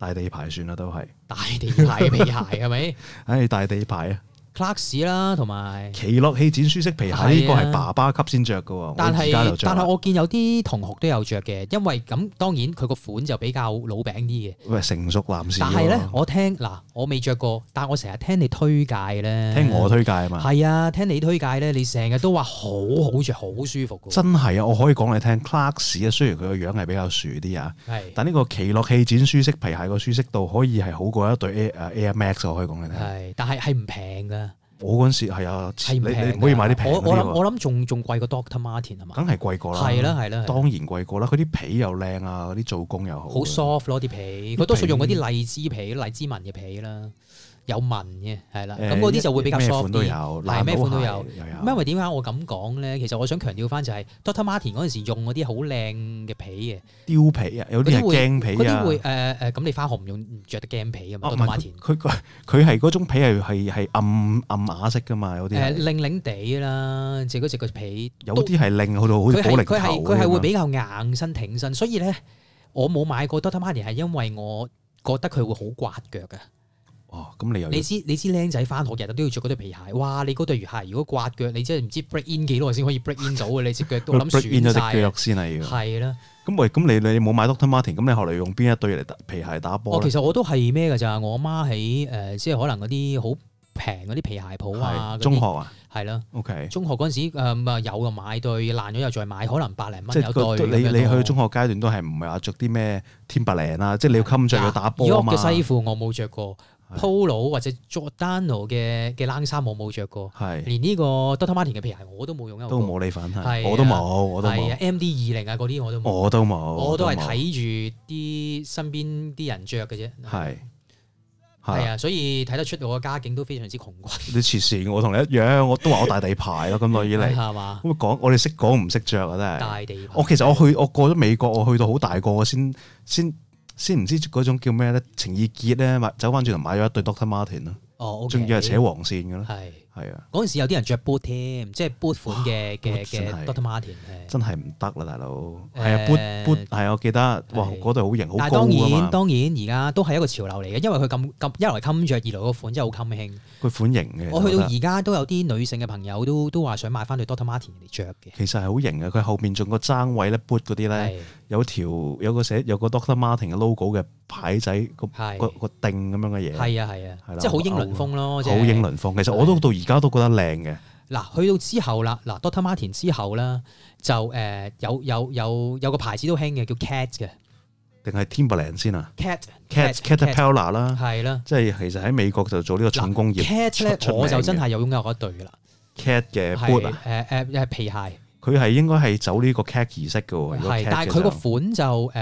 大地牌算啦，都係大地牌皮鞋係咪？唉、 哎，大地牌啊！Clarks 啦，同埋奇樂氣墊舒適皮鞋呢個係爸爸級先着噶，喺是家但係我見有啲同學都有着嘅，因為咁當然佢個款就比較老餅啲嘅。喂，成熟男士。但係咧，嗯、我聽嗱，我未着過，但我成日聽你推介咧。聽我推介啊嘛。係啊，聽你推介咧，你成日都話好好着，好舒服。真係啊，我可以講你聽，Clarks 啊，雖然佢個樣係比較薯啲啊，是但呢個奇樂氣墊舒適皮鞋個舒適度可以係好過一對 Air Max，我可以講你聽。但係係唔平噶。我嗰陣時係啊，你你唔可以買啲平嘅，我我諗我諗仲仲貴過 Doctor Marten 係嘛？梗係貴過啦，係啦係啦。當然貴過啦，佢啲皮又靚啊，啲做工又好。好 soft 咯啲皮，佢多數用嗰啲荔枝皮，荔枝，荔枝紋嘅皮啦。有紋嘅，係啦，咁嗰啲就會比較方便。咩款都有，嗱咩款都有。因為點解我咁講咧？其實我想強調返就係，Doctor Marten 嗰陣時用嗰啲好靚嘅皮嘅，貂皮啊，有啲係鏡皮啊。嗰啲會，誒誒，咁你返學唔用著啲鏡皮啊？Doctor Marten 佢佢佢係嗰種皮係係係暗暗啞色噶嘛，有啲係。誒，靚靚地啦，即係嗰隻個皮。有啲係靚，嗰度好似玻璃球。佢佢係佢係會比較硬身挺身，所以咧，我冇買過 Doctor Marten 係因為我覺得佢會好刮腳嘅。哦，咁你又你知你知僆仔翻學日日都要着嗰對皮鞋，哇！你嗰對魚鞋如果刮腳，你真係唔知 break in 幾耐先可以 break in 到 啊！你隻腳都諗斷晒啊！係啦的，咁、嗯、喂，咁你你冇買 Doctor Martin，咁你後來用邊一對嚟皮鞋打波、哦？其實我都係咩噶咋？我媽喺誒，即係可能嗰啲好平嗰啲皮鞋鋪啊。的些中學啊，係啦的，OK。中學嗰陣時、嗯、有又買對爛咗又再買，可能百零蚊有對。你，樣你去中學階段都係唔係話着啲咩 Timberland 啊？啊即係你要襟著去打波啊嘛。我嘅西褲我冇着過。Polo 或者 Giordano 嘅嘅冷衫我冇着過，係是連呢個 Doctor Marten 嘅皮鞋我都冇用，都冇你份係、啊，我都冇，啊、MD 我都冇，M D 二零啊嗰啲我都，冇。我都冇，我都係睇住啲身邊啲人着嘅啫，係係啊，啊，啊，所以睇得出我嘅家境都非常之窮困。你黐線，我同你一樣，我都話我大地牌咯、啊，咁耐以嚟係嘛，咁講、 啊啊、我哋識講唔識着啊，真係大地。我其實我去我過咗美國，我去到好大個先先。先唔知嗰種叫咩咧？情意結咧，走翻轉頭買咗一對 Dr. Martin 咯、哦。仲、okay, 要係扯黃線嘅咧。係啊，嗰陣時有啲人着 boot 㗎，即係 boot 款嘅嘅嘅 Doctor Marten 真係唔得啦，大佬係啊 boot boot 係我記得，哇嗰對好型好高㗎嘛。但係當然當然而家都係一個潮流嚟嘅，因為佢咁咁一來襟着，二來個款真係好襟興。佢款型嘅，我去到而家都有啲女性嘅朋友都都話想買翻對 Doctor Marten 嚟著嘅。其實係好型嘅，佢後邊仲個踭位咧 boot 嗰啲咧有條有個寫有個 Doctor Marten 嘅 logo 嘅牌仔個個個釘咁樣嘅嘢。係啊係啊，即係好英倫風咯，好英倫風。其實我都到而而家都覺得靚嘅，嗱，去到之後啦，嗱，Doctor Marten 之後啦，就誒有有有有個牌子都興嘅，叫 Cat 嘅，定係 Timberland 先啊？Cat，Cat，Caterpillar 啦，係啦，即係其實喺美國就做呢個重工業。Cat 咧我就真係有擁有嗰對啦，Cat 嘅 boot 皮鞋，佢係應該係走呢個 Cat 儀式嘅喎，但係佢個款就誒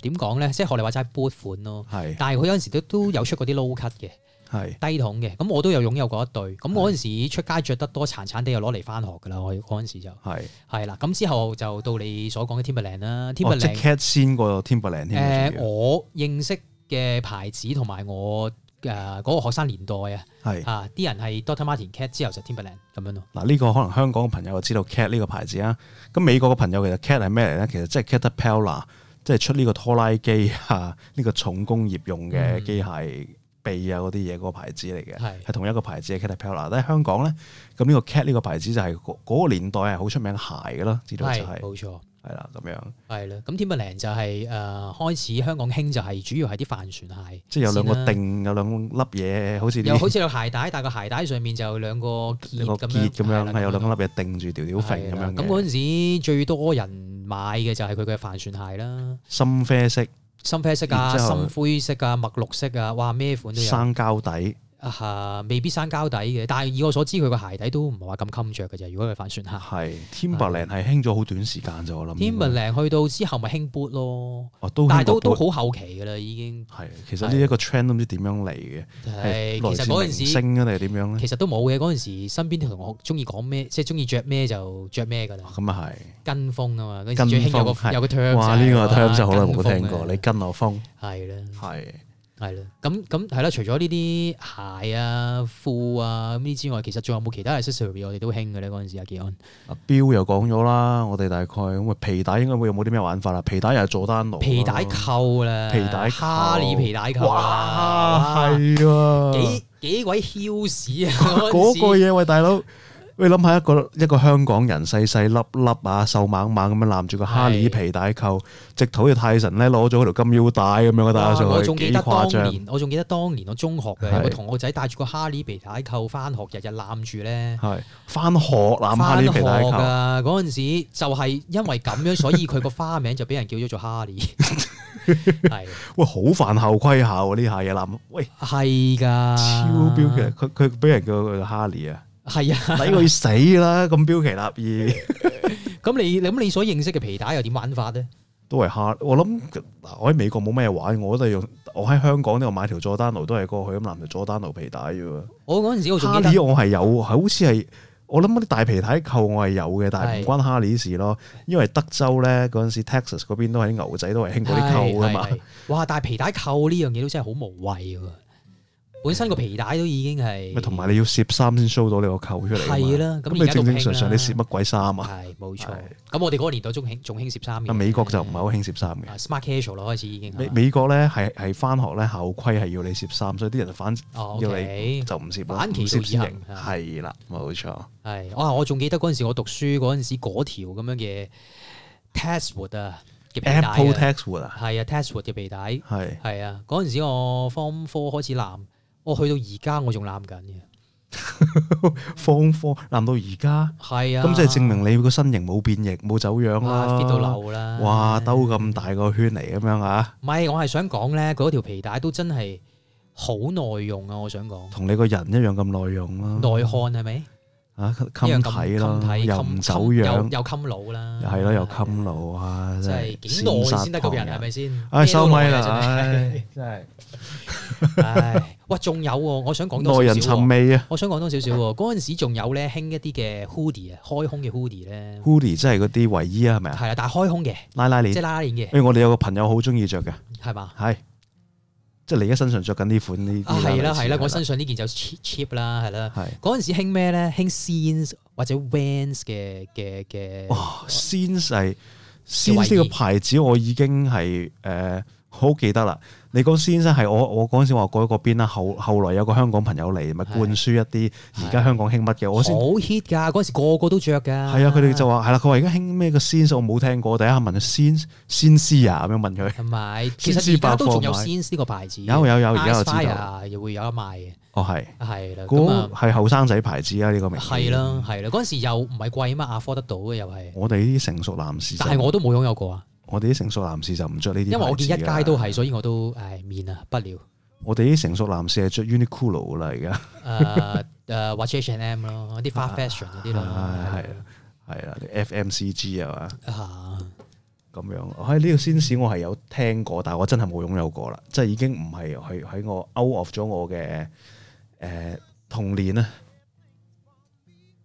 點講咧，即係學你話齋 boot 款咯，係，但係佢有陣時都都有出嗰啲 low cut 嘅。係是低筒嘅，咁我都有擁有過一對，咁嗰陣時出街着得多，殘殘哋又攞嚟返學㗎啦。我嗰陣時就係係啦，咁是之後就到你所講嘅 Timberland 啦、哦、，Cat 先過 Timberland、呃。我認識嘅牌子同埋我誒嗰、呃嗰個學生年代是啊，係啊，啲人係 Dr. Martin Cat 之後就 Timberland 咁樣咯。嗱，呢個可能香港嘅朋友就知道 Cat 呢個牌子啊，咁美國嘅朋友其實 Cat 係咩嚟咧？其實即係 Caterpillar，即係出呢個拖拉機啊，呢、這個重工業用嘅機械。嗯鼻啊嗰啲嘢，嗰個牌子嚟嘅，係同一個牌子嘅。Catapella 但喺香港咧，咁呢個 cat 呢個牌子就係嗰個年代係好出名鞋嘅咯，知道就係冇錯。係啦咁樣。係啦，咁天 i m 就係誒開始香港興就係主要係啲帆船鞋，即係有兩個定有兩粒嘢，好似有好似有鞋帶，但個鞋帶上面就兩個結咁樣，有兩粒嘢定住條條縐咁樣。咁嗰陣時最多人買嘅就係佢嘅帆船鞋啦，深啡色。深啡色啊，深灰色啊，墨綠色啊，哇，咩款都有。生膠底。未必生膠底嘅，但係以我所知佢個鞋底都唔係話咁襟着嘅啫。如果佢反算下，係天白零係興咗好短時間就我諗。天白零去到之後咪興 boot 咯，但係都都好後期嘅啦已經。係其實呢一個 trend 都唔知點樣嚟嘅，其實嗰陣時升咧定點樣咧？其實都冇嘅，嗰陣時，身邊同學中意講咩，即係中意着咩就着咩㗎啦。咁啊係跟風啊嘛，跟最興有個有個 term。哇！呢個 term 就好耐冇聽過，你跟我風係啦，係。係啦，咁咁係啦，除咗呢啲鞋啊、褲啊咁啲之外，其實仲有冇其他 accessory 我哋都興嘅咧？嗰陣時阿技安，阿標又講咗啦，我哋大概咁啊皮帶應該會有冇啲咩玩法啦？皮帶又係佐丹奴，皮帶扣啦，皮帶哈里皮帶扣，帶扣哇，係喎、啊吧啊，幾幾鬼囂士啊！嗰 個嘢，喂大佬。 喂，諗下一個一個香港人細細粒粒啊，瘦蜢蜢咁樣攬住個哈利皮帶扣，的直頭啲泰神咧攞咗佢條金腰帶咁樣啊，帶上去幾誇張！我仲記得當年，我仲記得當年我中學嘅，我同學仔帶住個哈利皮帶扣翻學，日日攬住咧，係翻學攬哈利皮帶扣。嗰陣、啊、時就係因為咁樣，所以佢個花名就俾人叫咗做哈利。係哇 的，好犯校規下啊！呢下嘢諗，喂係噶超標嘅，佢佢俾人叫哈利啊！係啊，抵佢死啦！咁標奇立異。咁你你你所認識嘅皮帶又點玩法咧？都係蝦。我諗我喺美國冇咩玩，我都係用我喺香港呢度買條佐丹奴都係過去咁攬條佐丹奴皮帶啫喎。我嗰陣時我仲記得，我係有，好似係我諗嗰啲大皮帶扣，我係有嘅，但係唔關哈利事咯。是因為德州咧嗰陣時，Texas 嗰邊都係啲牛仔都係興嗰啲扣㗎嘛。哇！大皮帶扣呢樣嘢都真係好無謂喎。本身個皮帶都已經係，同埋你要摺衫先 show 到你個扣出嚟。係啦，咁而家都正正常常你摺乜鬼衫啊？係冇錯。咁我哋嗰個年代仲興仲興摺衫嘅。美國就唔係好興摺衫嘅。Smart casual 咯，開始已經。美美國咧係係翻學咧校規係要你摺衫，所以啲人就反要你就唔摺，反其道而行。係啦，冇錯。係我仲記得嗰陣時我讀書嗰陣時嗰條咁樣嘅 Testwood 啊嘅皮帶啊。係啊 Testwood 嘅皮帶係係啊，嗰陣時我 form four 開始攬。哦、我去 到而家，我仲攬緊嘅，方科攬到而家，係啊，咁即係證明你個身形冇變形，冇走樣啦、啊、fit 到流啦，哇，兜咁大個圈嚟咁樣啊。唔係，我係想講咧，嗰條皮帶都真係好耐用啊，我想講，同你個人一樣咁耐用啊。耐汗係咪？是啊！襟睇啦，又唔走樣，又襟老啦，係咯，又襟老啊！真係幾耐先得個人，係咪先？哎，收咪啦，真係。哎，哇！仲有，我想講多少少。耐人尋味啊！我想講多少少。嗰陣時仲有咧，興一啲嘅 hoodie 啊，開胸嘅 hoodie 咧。hoodie 真係嗰啲衛衣啊，係咪啊？係啊，但係開胸嘅，拉拉鏈，即係拉拉鏈嘅。哎，我哋有個朋友好中意著嘅，係嘛？係。即係你而家身上着緊呢款呢？啊，係啦係啦，我身上呢件就 cheap 啦，係啦的。係嗰陣時興咩咧？興 Saints 或者 Vans 嘅嘅嘅。哦，Saints 係 Saints 呢個牌子，我已經係誒、呃、好記得啦。你講先生係我，我嗰陣時話過嗰邊啦。後後來有個香港朋友嚟，咪灌輸一啲而家香港興乜嘅。我好 hit 㗎，嗰陣時個個都着嘅。係啊，佢哋就話係啦，佢話而家興咩個先生，我冇聽過。第一下問先先師啊，咁樣問佢。同埋其實而家都仲有先生個牌子。有有有，而家我知道。又會有得賣哦，係。係啦，咁啊係後生仔牌子啊，呢個名。係啦，係啦，嗰陣時又唔係貴嘛，阿科得到嘅又係。我哋啲成熟男士。但係我都冇擁有過啊。我哋啲成熟男士就唔着呢啲，因為我見一街都係，所以我都誒、哎、面啊不了。我哋啲成熟男士係着 Uniqlo 啦，而家誒誒 Watch H and M 咯，啲、 啊、fashion 嗰啲咯，係啊，係啊，FMCG 啊嘛，咁樣。喺、哎、呢、這個先史我係有聽過，但我真係冇擁有過啦，即係已經唔係喺喺我 out of 咗我嘅誒、呃、童年啦。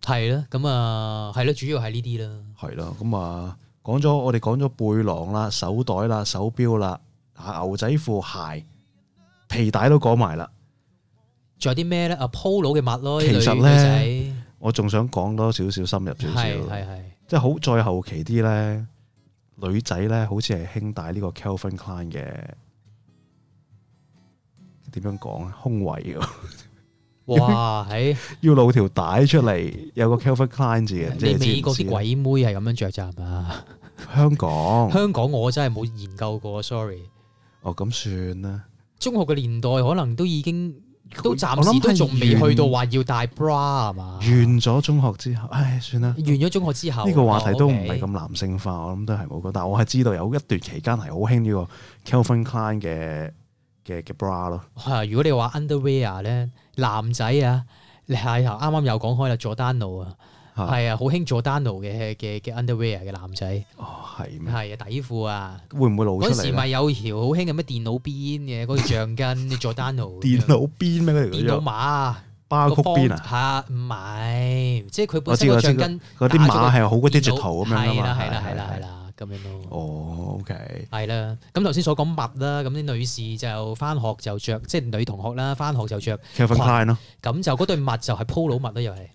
係啦，咁啊係啦，主要係呢啲啦，係啦，咁、嗯、啊。講咗我哋講咗背囊啦、手袋啦、手錶啦、牛仔褲鞋、皮帶都講埋啦。仲有啲咩咧？阿 Polo 嘅襪咯。其實咧，仔我仲想講多少少深入少少，即係好再後期啲咧，女仔咧好似係興戴呢個 Calvin Klein 嘅，點樣講啊？胸圍。 哇！喺、哎、要露條帶出嚟，有個 Calvin Klein 字嘅。你未見過啲鬼妹係咁樣着咋係嘛？香港，香港我真係冇研究過，sorry。哦，咁算啦。中學嘅年代可能都已經都暫時都仲未去到話要戴 bra 係嘛？完咗中學之後，唉、哎，算啦。完咗中學之後，呢個話題都唔係咁男性化，哦 okay、我諗都係冇㗎。但係我係知道有一段期間係好興呢個 Calvin Klein 嘅嘅 bra 咯。如果你話 underwear 咧？男仔啊，你係啊，啱啱又講開啦佐丹奴啊，係、哦、啊，好興佐丹奴嘅嘅嘅 underwear 嘅男仔，哦係咩？係啊，底褲啊，會唔會露出嚟？嗰時咪有條好興嘅咩電腦邊嘅嗰條橡筋你佐丹奴。a n 電腦邊咩？電腦碼，包庫邊啊？吓，唔係，即係佢本身嗰橡筋，嗰啲碼係好嗰啲圖案咁樣啊嘛。咁樣咯，哦，OK，係啦。咁頭先所講襪啦，咁啲女士就翻學就着，即係女同學啦，翻學就著裙咯。咁就嗰對襪就係 Polo 襪啦，又係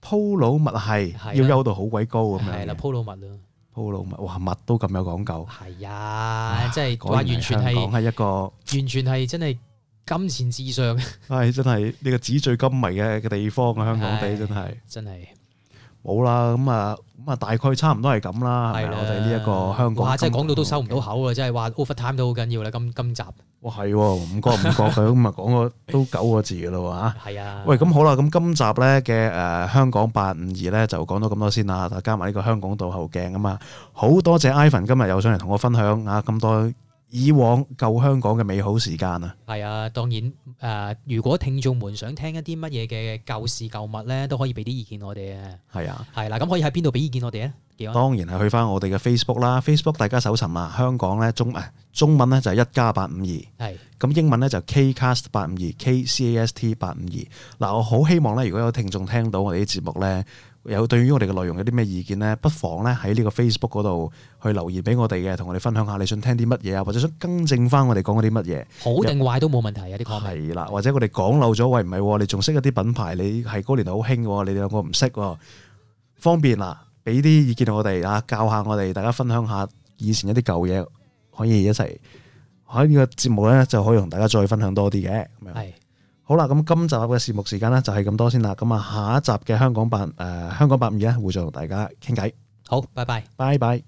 Polo 襪係要休到好鬼高咁樣。係啦，Polo 襪咯，Polo 襪，哇，襪都咁有講究。係啊了，即係話完全係講係一個完全係真係金錢至上。係真係呢個紙醉金迷嘅地方啊，香港地真係真係。冇啦，咁啊，咁、嗯、啊、嗯，大概差唔多係咁啦，係的我哋呢一個香港嘩，真係講到都收唔到口啊，真係話 overtime 都好緊要啦，今今集哇係，唔過唔過佢，咁啊講咗都九個字啦，哇！係啊，的喂，咁好啦，咁今集咧嘅誒香講八五二咧就講到咁多先啦，加埋呢個香港倒後鏡啊嘛，好、嗯、多謝 Ivan 今日又上嚟同我分享啊咁多。以往舊香港嘅美好時間啊！係啊，當然誒、呃，如果聽眾們想聽一啲乜嘢嘅舊事舊物咧，都可以俾啲意見我哋啊。係啊，係啦，咁可以喺邊度俾意見我哋啊？當然係去返我哋嘅 Facebook 啦，Facebook 大家搜尋啊，香港咧中誒、啊、中文咧就係一加八五二，係咁是英文咧就 K Cast 八五二 K C A S T 八五二。嗱、呃，我好希望咧，如果有聽眾聽到我哋啲節目咧。有對於我哋嘅內容有啲咩意見咧？不妨咧喺呢個 Facebook 嗰度去留言俾我哋嘅，同我哋分享下你想聽啲乜嘢啊，或者想更正翻我哋講嗰啲乜嘢，好定壞都冇問題啊！有啲係啦，或者我哋講漏咗，喂唔係，你仲識一啲品牌？你係嗰年好興，你兩個唔識，方便啦，俾啲意見我哋啊，教下我哋，大家分享下以前一啲舊嘢，可以一齊喺呢個節目咧，就可以同大家再分享多啲嘅，係。好啦，咁今集嘅節目時間咧就係、是、咁多先啦。咁啊，下一集嘅香講八誒、呃、香講八五二咧，會再同大家傾偈。好，拜拜，拜拜。